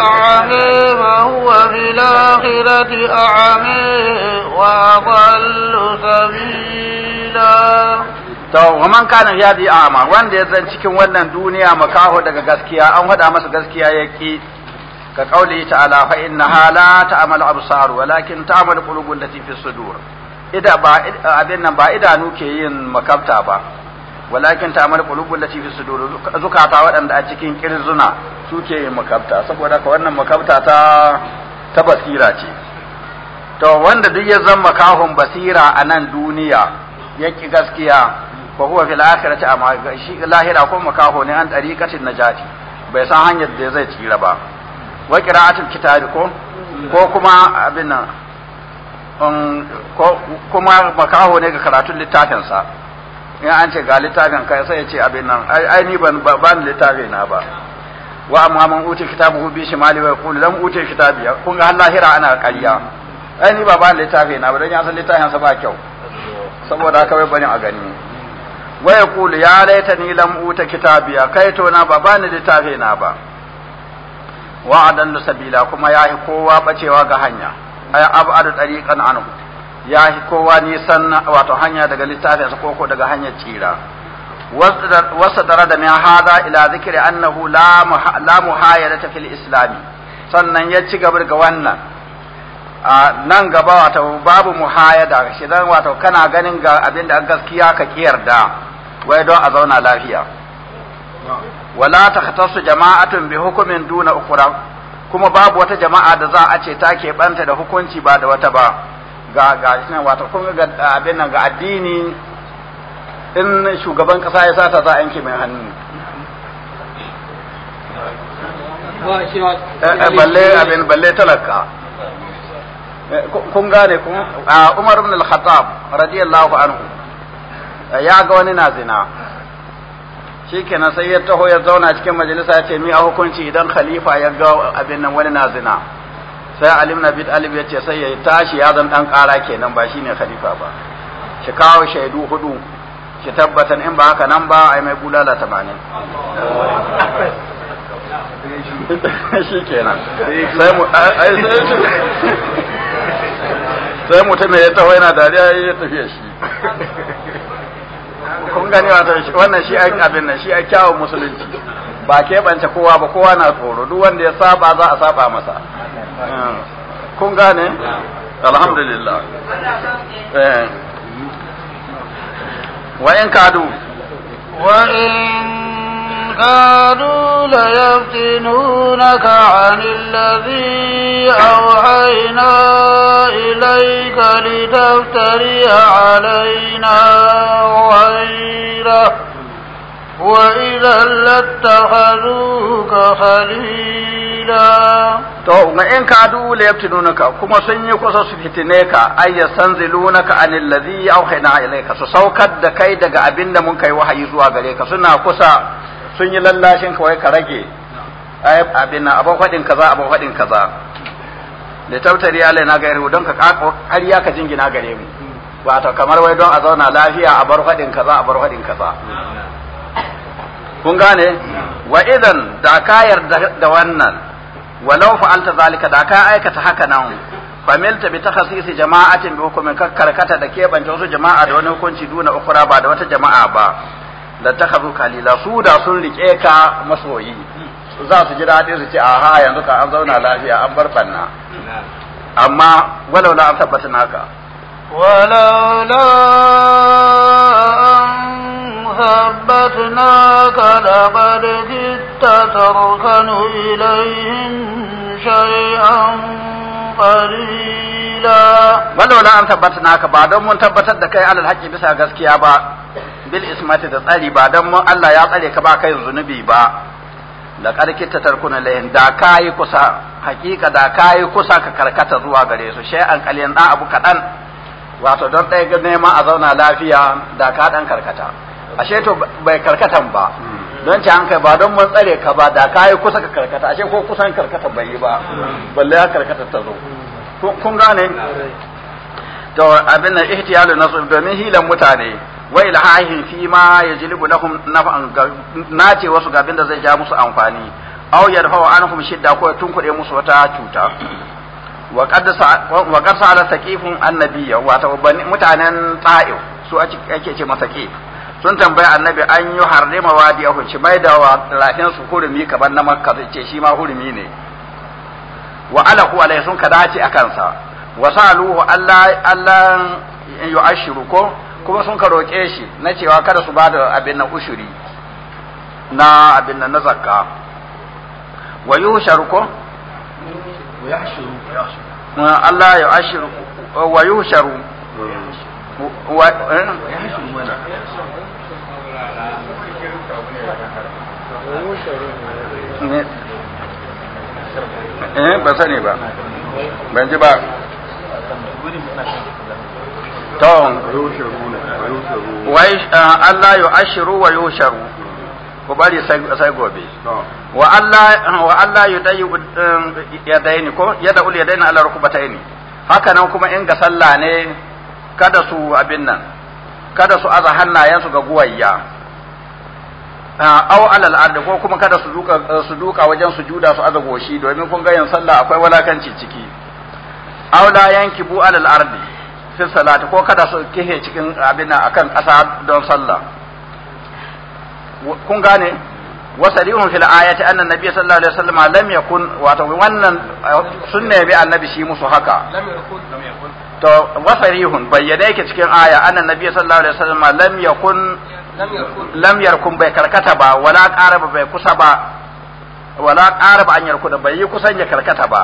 أعمى فهو في الآخرة أعمى وأضل سبيلا to waman kana ya yadi ama wanda ya zan cikin wannan duniya makaho daga gaskiya an hada masa gaskiya yake ka kauli ta'ala fa hala ta ta'malu absar walakin ta'malu qulubul lati fi sudur ida ba abin nan ba idanu ke yin makabta ba walakin ta'malu qulubul lati fi sudur zukata waɗanda a cikin kirzuna suke yin makabta saboda ka wannan makabta ta ta basira ce to wanda duk ya zama kahon basira a nan duniya yake gaskiya fa huwa fil akhirati amma shi lahira ko makaho ne an tariqatin najati bai san hanyar da zai tsira ba wa qira'atul kitabi ko ko kuma abin nan um, ko kuma makaho ne ga karatun littafin sa in an ce ga littafin kai sai ya ce abin nan ai ni ban ban littafi na ba wa amma man uti kitabu bi shimali wa yaqulu lam uti kitabi kun ga lahira ana ƙarya ai ni ba ban littafi na ba don ya san littafin sa ba kyau saboda haka bai bani a gani wa yaqulu ya laitani lam uta kitabiya kai to na ba bani littafi na ba wa adallu sabila kuma ya yi kowa bacewa ga hanya ay abadu tariqan ya yi kowa nisan wato hanya daga littafin ko ko daga hanyar tsira dara da min hada ila zikri annahu la la muhayyarata fil islami sannan ya ci gaba daga wannan a nan gaba wato babu muhayada shi dan wato kana ganin ga abinda gaskiya ka kiyarda wai don a zauna lafiya wala takhtassu jama'atun bi hukumin duna ukura kuma babu wata jama'a da za a ce ta keɓanta da hukunci ba da wata ba ga ga wato kun ga abin nan ga addini in shugaban kasa ya sata za a yanke mai hannu eh, eh, balle abin balle talaka eh, kun gane kun ah, Umar ibn al-Khattab radiyallahu anhu Eh, ya ga wani na zina shi kenan sai ya taho ya zauna cikin majalisa ya ce mi a hukunci idan khalifa ya ga abin nan wani na zina sai alim na bid alib ya ce sai ya tashi ya zan dan kara kenan ba shine khalifa ba shi kawo shaidu hudu shi tabbatan in ba haka nan ba ai mai da tamanin shi kenan sai mutum ya taho yana dariya ya tafiya shi kun gani wato wannan shi ai abin nan shi a kyawun musulunci ba keɓance kowa ba kowa na tsoro duk wanda ya saba za a saba masa hmm. kun gane alhamdulillah eh. wa in kadu wa in كانوا ليفتنونك عن الذي أوحينا إليك لتفتري علينا غيره وإذا لاتخذوك خليلا to ma in ka adu la yaftinunaka kuma sun yi kusa su fitine ka ay yasanzilunaka anil ladhi awhayna ilayka su saukar da kai daga abinda mun kai wahayi zuwa gare ka suna kusa sun yi lallashin kawai ka rage abin na abin faɗin kaza abin faɗin kaza da tautari alai na gari don ka ƙarya ka jingina gare mu wato kamar wai don a zauna lafiya a bar faɗin kaza a bar faɗin kaza kun gane wa idan da ka yarda da wannan walau fa'alta zalika da ka aikata haka nan familta bi jama'a jama'atin bi hukumin karkata da kebanta wasu jama'a da wani hukunci duna ukura ba da wata jama'a ba la takhadhu kalila su da sun rike ka masoyi za su ji daɗi su ce ha yanzu ka an zauna lafiya an bar banna amma walau la an tabbata naka walau la an tabbata naka da barki ta tarkanu ilayhin shay'an qalila walau la an tabbata naka ba don mun tabbatar da kai alal haƙi bisa gaskiya ba bil ismati da tsari ba dan mu Allah ya tsare ka ba kai zunubi ba karki ta tarkuna lahin da kai kusa hakika da kai kusa ka karkata zuwa gare su shay an kaliyan da abu kadan wato don dai ga nema a zauna lafiya da ka dan karkata ashe to bai karkatan ba don ci an kai ba don mun tsare ka ba da kai kusa ka karkata ashe ko kusan karkata bai yi ba balle ya karkata ta zo kun gane to abin nan ihtiyalu nasu domin hilan mutane Wai lahahin fi ma yajlibu lahum naf'an ce wasu ga abin da zai ja musu amfani aw wa anhum shidda ko tunkuɗe musu wata cuta wa qad wa saqifun annabiyya wato mutanen ta'if su ake ce masa saqif sun tambayi annabi an yi harrima wadiyahu shi mai da lafin su hurumi kaban na makka ce shi ma hurumi ne wa alahu alai sun ka dace a kansa wa saluhu allah allah yu'ashiru ko kuma sun ka roƙe shi na cewa kada su ba da abin na ushuri na abin na zakka wa yuhsharu ko Allah ya ashiru wa yi wa eh? eh ba sani ba ban ji ba to Ah, Allah ya ashiru wa yusharu ku bari sai gobe wa Allah wa Allah ya dayi um, yadaini ko yada ul yadaini ala rukbataini haka nan kuma in ga sallah ne kada su abin nan kada su aza hannayensu ga guwayya ah, au alal ardi ko kuma kada su duka su duka wajen su aza goshi domin kun ga yin sallah akwai walakanci ciki aw la yankibu alal ardi fi salati ko kada su kihe cikin abin nan akan ƙasa don sallah kun gane wasarihun fil ayati anna nabiy sallallahu alaihi wasallam lam yakun wato wannan eh, sunne bi annabi shi musu haka lam yakun lam yakun to wasarihun bayyana yake cikin aya anna nabiy sallallahu alaihi wasallam lam yakun lam yarkun bai karkata ba wala qaraba bai kusa ba wala qaraba an yarkuda bai yi kusan ya karkata ba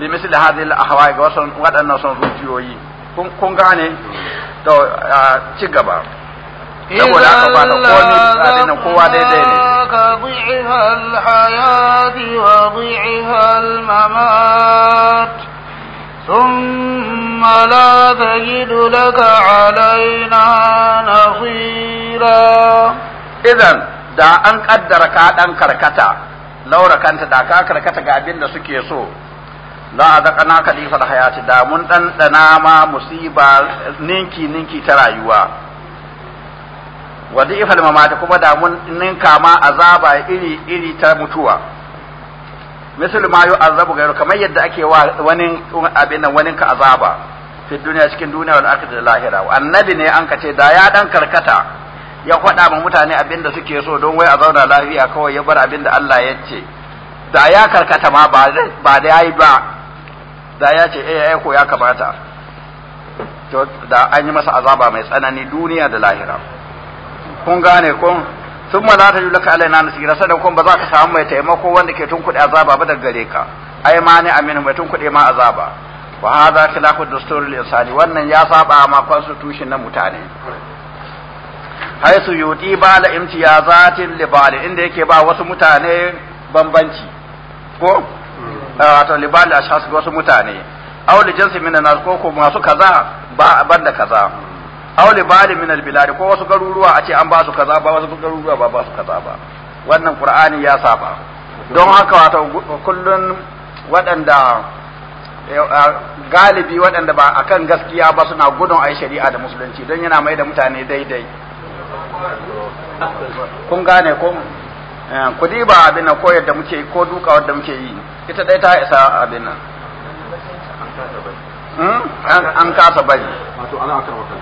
limisli hadhihi al ahwa ga wasan wadannan sun zuciyoyi kun gane to ci gaba saboda aka ba da komi abin kowa daidai ne ka hal hayati wa hal mamat ثم لا تجد لك علينا نصيرا إذن da an kaddara ka dan karkata laura kanta da ka karkata ga abin da suke so la na kalifa alhayati da mun dan dana ma musiba ninki ninki ta rayuwa wa ifal mamata kuma da mun ninka ma azaba iri iri ta mutuwa misal ma azabu gairu kamar yadda ake wa wani abin wani ka azaba fi duniya cikin duniya wal akhirah lahira annabi ne an kace da ya dan karkata ya faɗa ma mutane abin da suke so don wai a zauna lafiya kawai ya bar abin da Allah ya ce da ya karkata ma ba da yayi ba da ya ce eh ya ko ya kamata to da an yi masa azaba mai tsanani duniya da lahira kun gane kun sun mala ta yulaka laka alaina nasira da kun ba za ka samu mai taimako wanda ke tunkuɗe azaba ba daga gare ka ai ma ne aminu mai tunkuɗe ma azaba wa hada khilafu dusturil insani wannan ya saba ma constitution na mutane haisu yudi ya imtiyazatin libali inda yake ba wasu mutane bambanci ko Eh, wato libal ashas wasu mutane aw li jinsi min nas ko ko masu kaza ba banda kaza aw li bali min bilad ko wasu garuruwa a ce an ba su kaza ba wasu garuruwa ba ba su kaza ba wannan qur'ani ya saba don haka wato kullun waɗanda eh, galibi waɗanda ba akan gaskiya ba suna gudun ai shari'a da musulunci don yana mai da mutane daidai kun gane ko eh, kudi ba abin koyar da muke ko duka wadda muke yi ita dai ta isa abin nan hmm? an kasa bari wato ana aka maka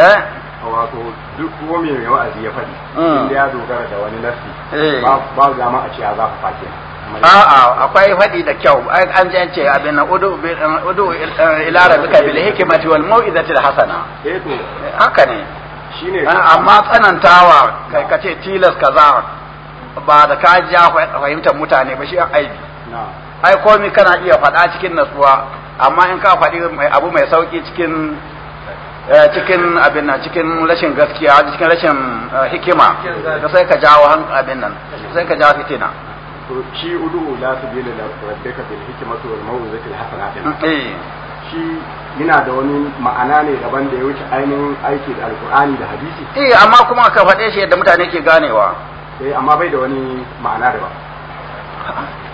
eh wato duk ko mai mai wa'azi ya faɗi hmm. inda ya dogara da wani nafsi eh. ba za ma a ce ya za ku fake a'a akwai faɗi da kyau an ji an ce abin nan udu udu eh, ila rabbika bil hikmati wal mau'izati al hasana eh to haka ne shine ah, amma tsanantawa kai kace tilas kaza ba da ka ja fahimtar mutane ba shi aibi na'am ai komi kana iya faɗa cikin natsuwa amma in ka faɗi abu mai sauki cikin eh, cikin abin nan cikin rashin gaskiya cikin rashin eh, hikima da sai ka jawo han abin nan sai ka jawo fitina to shi udu la sabila la rabbika bil hikmati wal mau'izati al hasanati eh shi yana da wani ma'ana ne daban da ya wuce ainihin aiki da alkur'ani da hadisi eh amma kuma ka faɗe shi yadda mutane ke ganewa eh amma bai da wani ma'ana daban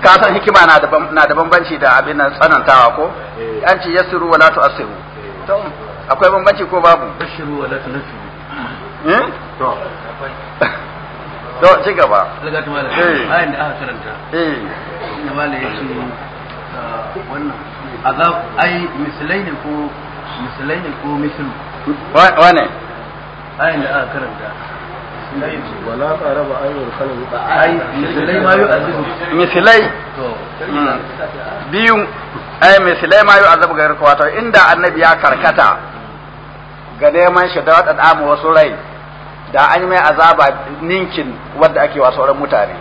ka san hikima na da bambanci da abin nan tsanantawa ko eh. an ce yasiru wala asiru to akwai bambanci ko babu yasiru wala nasiru eh hmm? to to ci gaba daga tumala eh. ai da aka karanta eh ne mala yace ah, wannan azab ai misalai ne ko misalai ne ko mislu wane ai da aka karanta wala qaraba ayyul qalbi ai misilai ma yu'azibu misilai biyu misilai ma gairu wato inda annabi ya karkata ga neman shi da wasu rai da an mai azaba ninkin wadda ake wa sauran mutane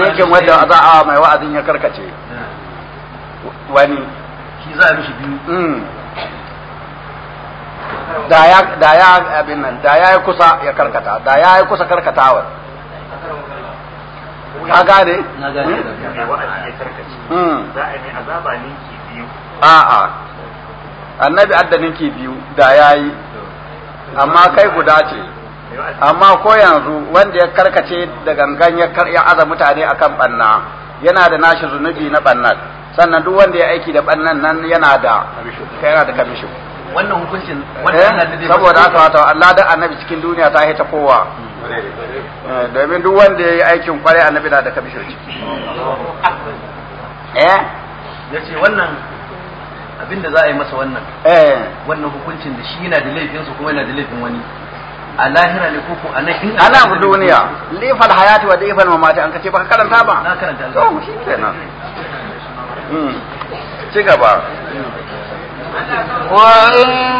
ninkin wadda za a mai wa'azin ya karkace wani shi za a da ya da ya abin nan da ya kusa ya karkata da ya yi kusa karkatawa ka gane na gane da a yi azaba ninki biyu a'a annabi adda ninki biyu da yayi amma kai guda ce amma ko yanzu wanda ya karkace da gangan ya aza mutane akan banna yana da nashi zunubi na bannan sannan duk wanda ya aiki da bannan nan yana da yana da kamishin wannan hukuncin eh, wannan annabi saboda haka wato Allah da annabi cikin duniya ta haita kowa eh, domin duk wanda yayi aikin kware annabi na da kabishir ciki eh yace wannan abinda da za a yi masa wannan eh wannan hukuncin da shi yana da laifin su kuma yana da laifin wani a lahira ne koko a nan in ana ku duniya lifal hayati wa lifal mamati an kace baka karanta ba na karanta to shi kenan hmm. ci gaba hmm. وإن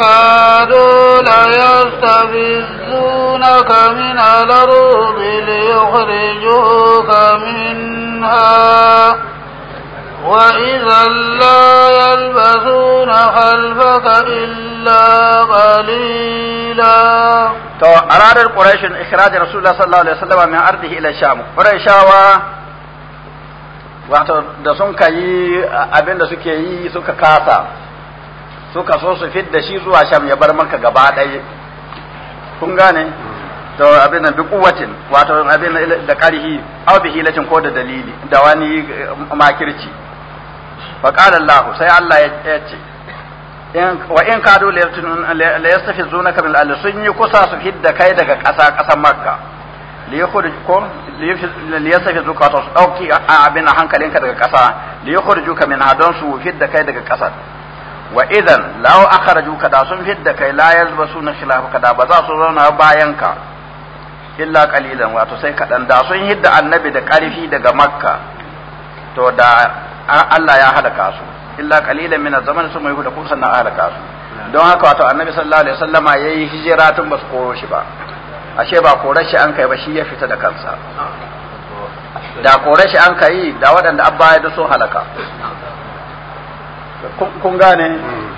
كادوا ليستفزونك من الأرض ليخرجوك منها وإذا لا يلبثون خلفك إلا قليلا تو أراد قريش إخراج رسول الله صلى الله عليه وسلم من أرضه إلى الشام قريشاوا wato da sun ka yi abin da suke yi suka kasa suka so su fit da shi zuwa sham ya bar maka gaba ɗaya kun gane to abin da bi kuwatin wato abin da karhi aw bi hilatin ko da dalili da wani eh, makirci fa qala Allah sai Allah ya ce wa in kadu la yastafizunaka bil al sun yi kusa su fidda kai daga ƙasa ƙasar makka liyukhrijukum liyasfizuka ta dauki abin hankalinka daga kasa liyukhrijuka min hadan su fidda kai daga kasa wa idan law akhrajuka da sun fidda kai la yalbasuna khilafaka da ba za su zauna bayan ka illa qalilan wato sai kadan da sun hidda annabi da karfi daga makka to da Allah ya halaka su illa qalilan min zaman sun mai hudu kusan na halaka su don haka wato annabi sallallahu alaihi wasallama yayi hijira tun ba su koro shi ba ashe ba korar shi an kai ba shi ya fita da kansa da korar shi an kai da waɗanda abba ya da sun halaka kun gane hmm.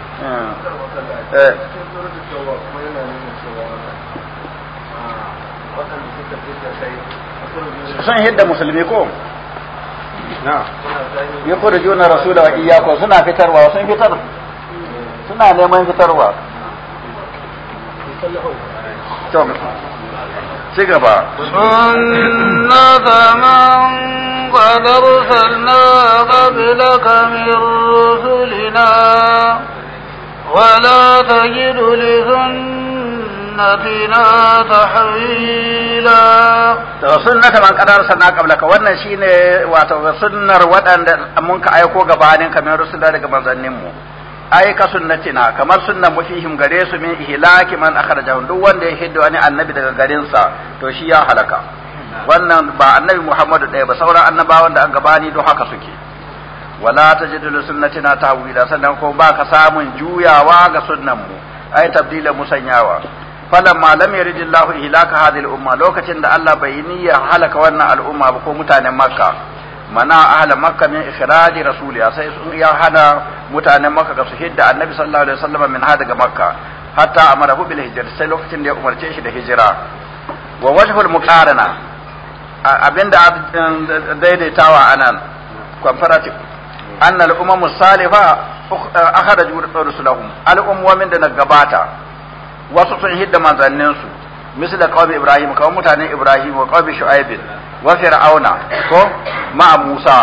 eh. Eh. sun hidda musulmi ko rasu da wa yako suna fitarwa sun fitar suna neman fitarwa hmm. ci gaba. Wala ta yi dole sunnatina ta harila. Da sunna kamar ƙadar sanna ƙablaka wannan shi ne wato waɗanda mun ka aiko gabanin kamar rusula daga manzanninmu. ai ka na kamar sunnan mu gare su min ihlaki man akhrajahu duk wanda ya hidda wani annabi daga garin sa to shi ya halaka wannan ba annabi Muhammadu ɗaya ba sauran annabawan da an gabani don haka suke wala tajidu li ta tawila sannan ko ba ka samun juyawa ga sunnan mu ai tabdila musanyawa falamma lam yuridillahu ihlaka hadhihi al-umma lokacin da Allah bai niyya halaka wannan al'umma ba ko mutanen Makka mana ahla makka min ikhraj rasuliha sai sun ya hana mutanen makka ga su hidda annabi sallallahu alaihi wasallam min hada ga makka hatta amarahu bil hijr sai lokacin da ya umarce shi da hijira wa wajhul muqarana abinda um, daidaitawa anan comparative anna al umam salifa uh, akhraju rusulahum al umwamin da gabata wasu sun hidda manzannin su misal qawmi ibrahim mutanen ibrahim wa qawmi shu'aib wa fir'auna ko ma Musa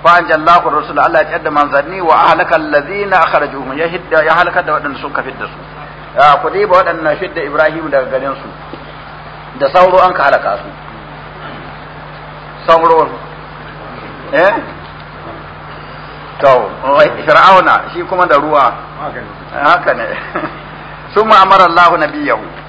fa anjallahu rasul Allah ya manzanni wa ahlaka allazina akhrajuhum ya hidda ya halaka da waɗanda suka fidda su ku diba Ibrahim daga garin su da sauro an ka halaka su sauro eh to fir'auna shi kuma da ruwa haka ne summa amara Allah nabiyahu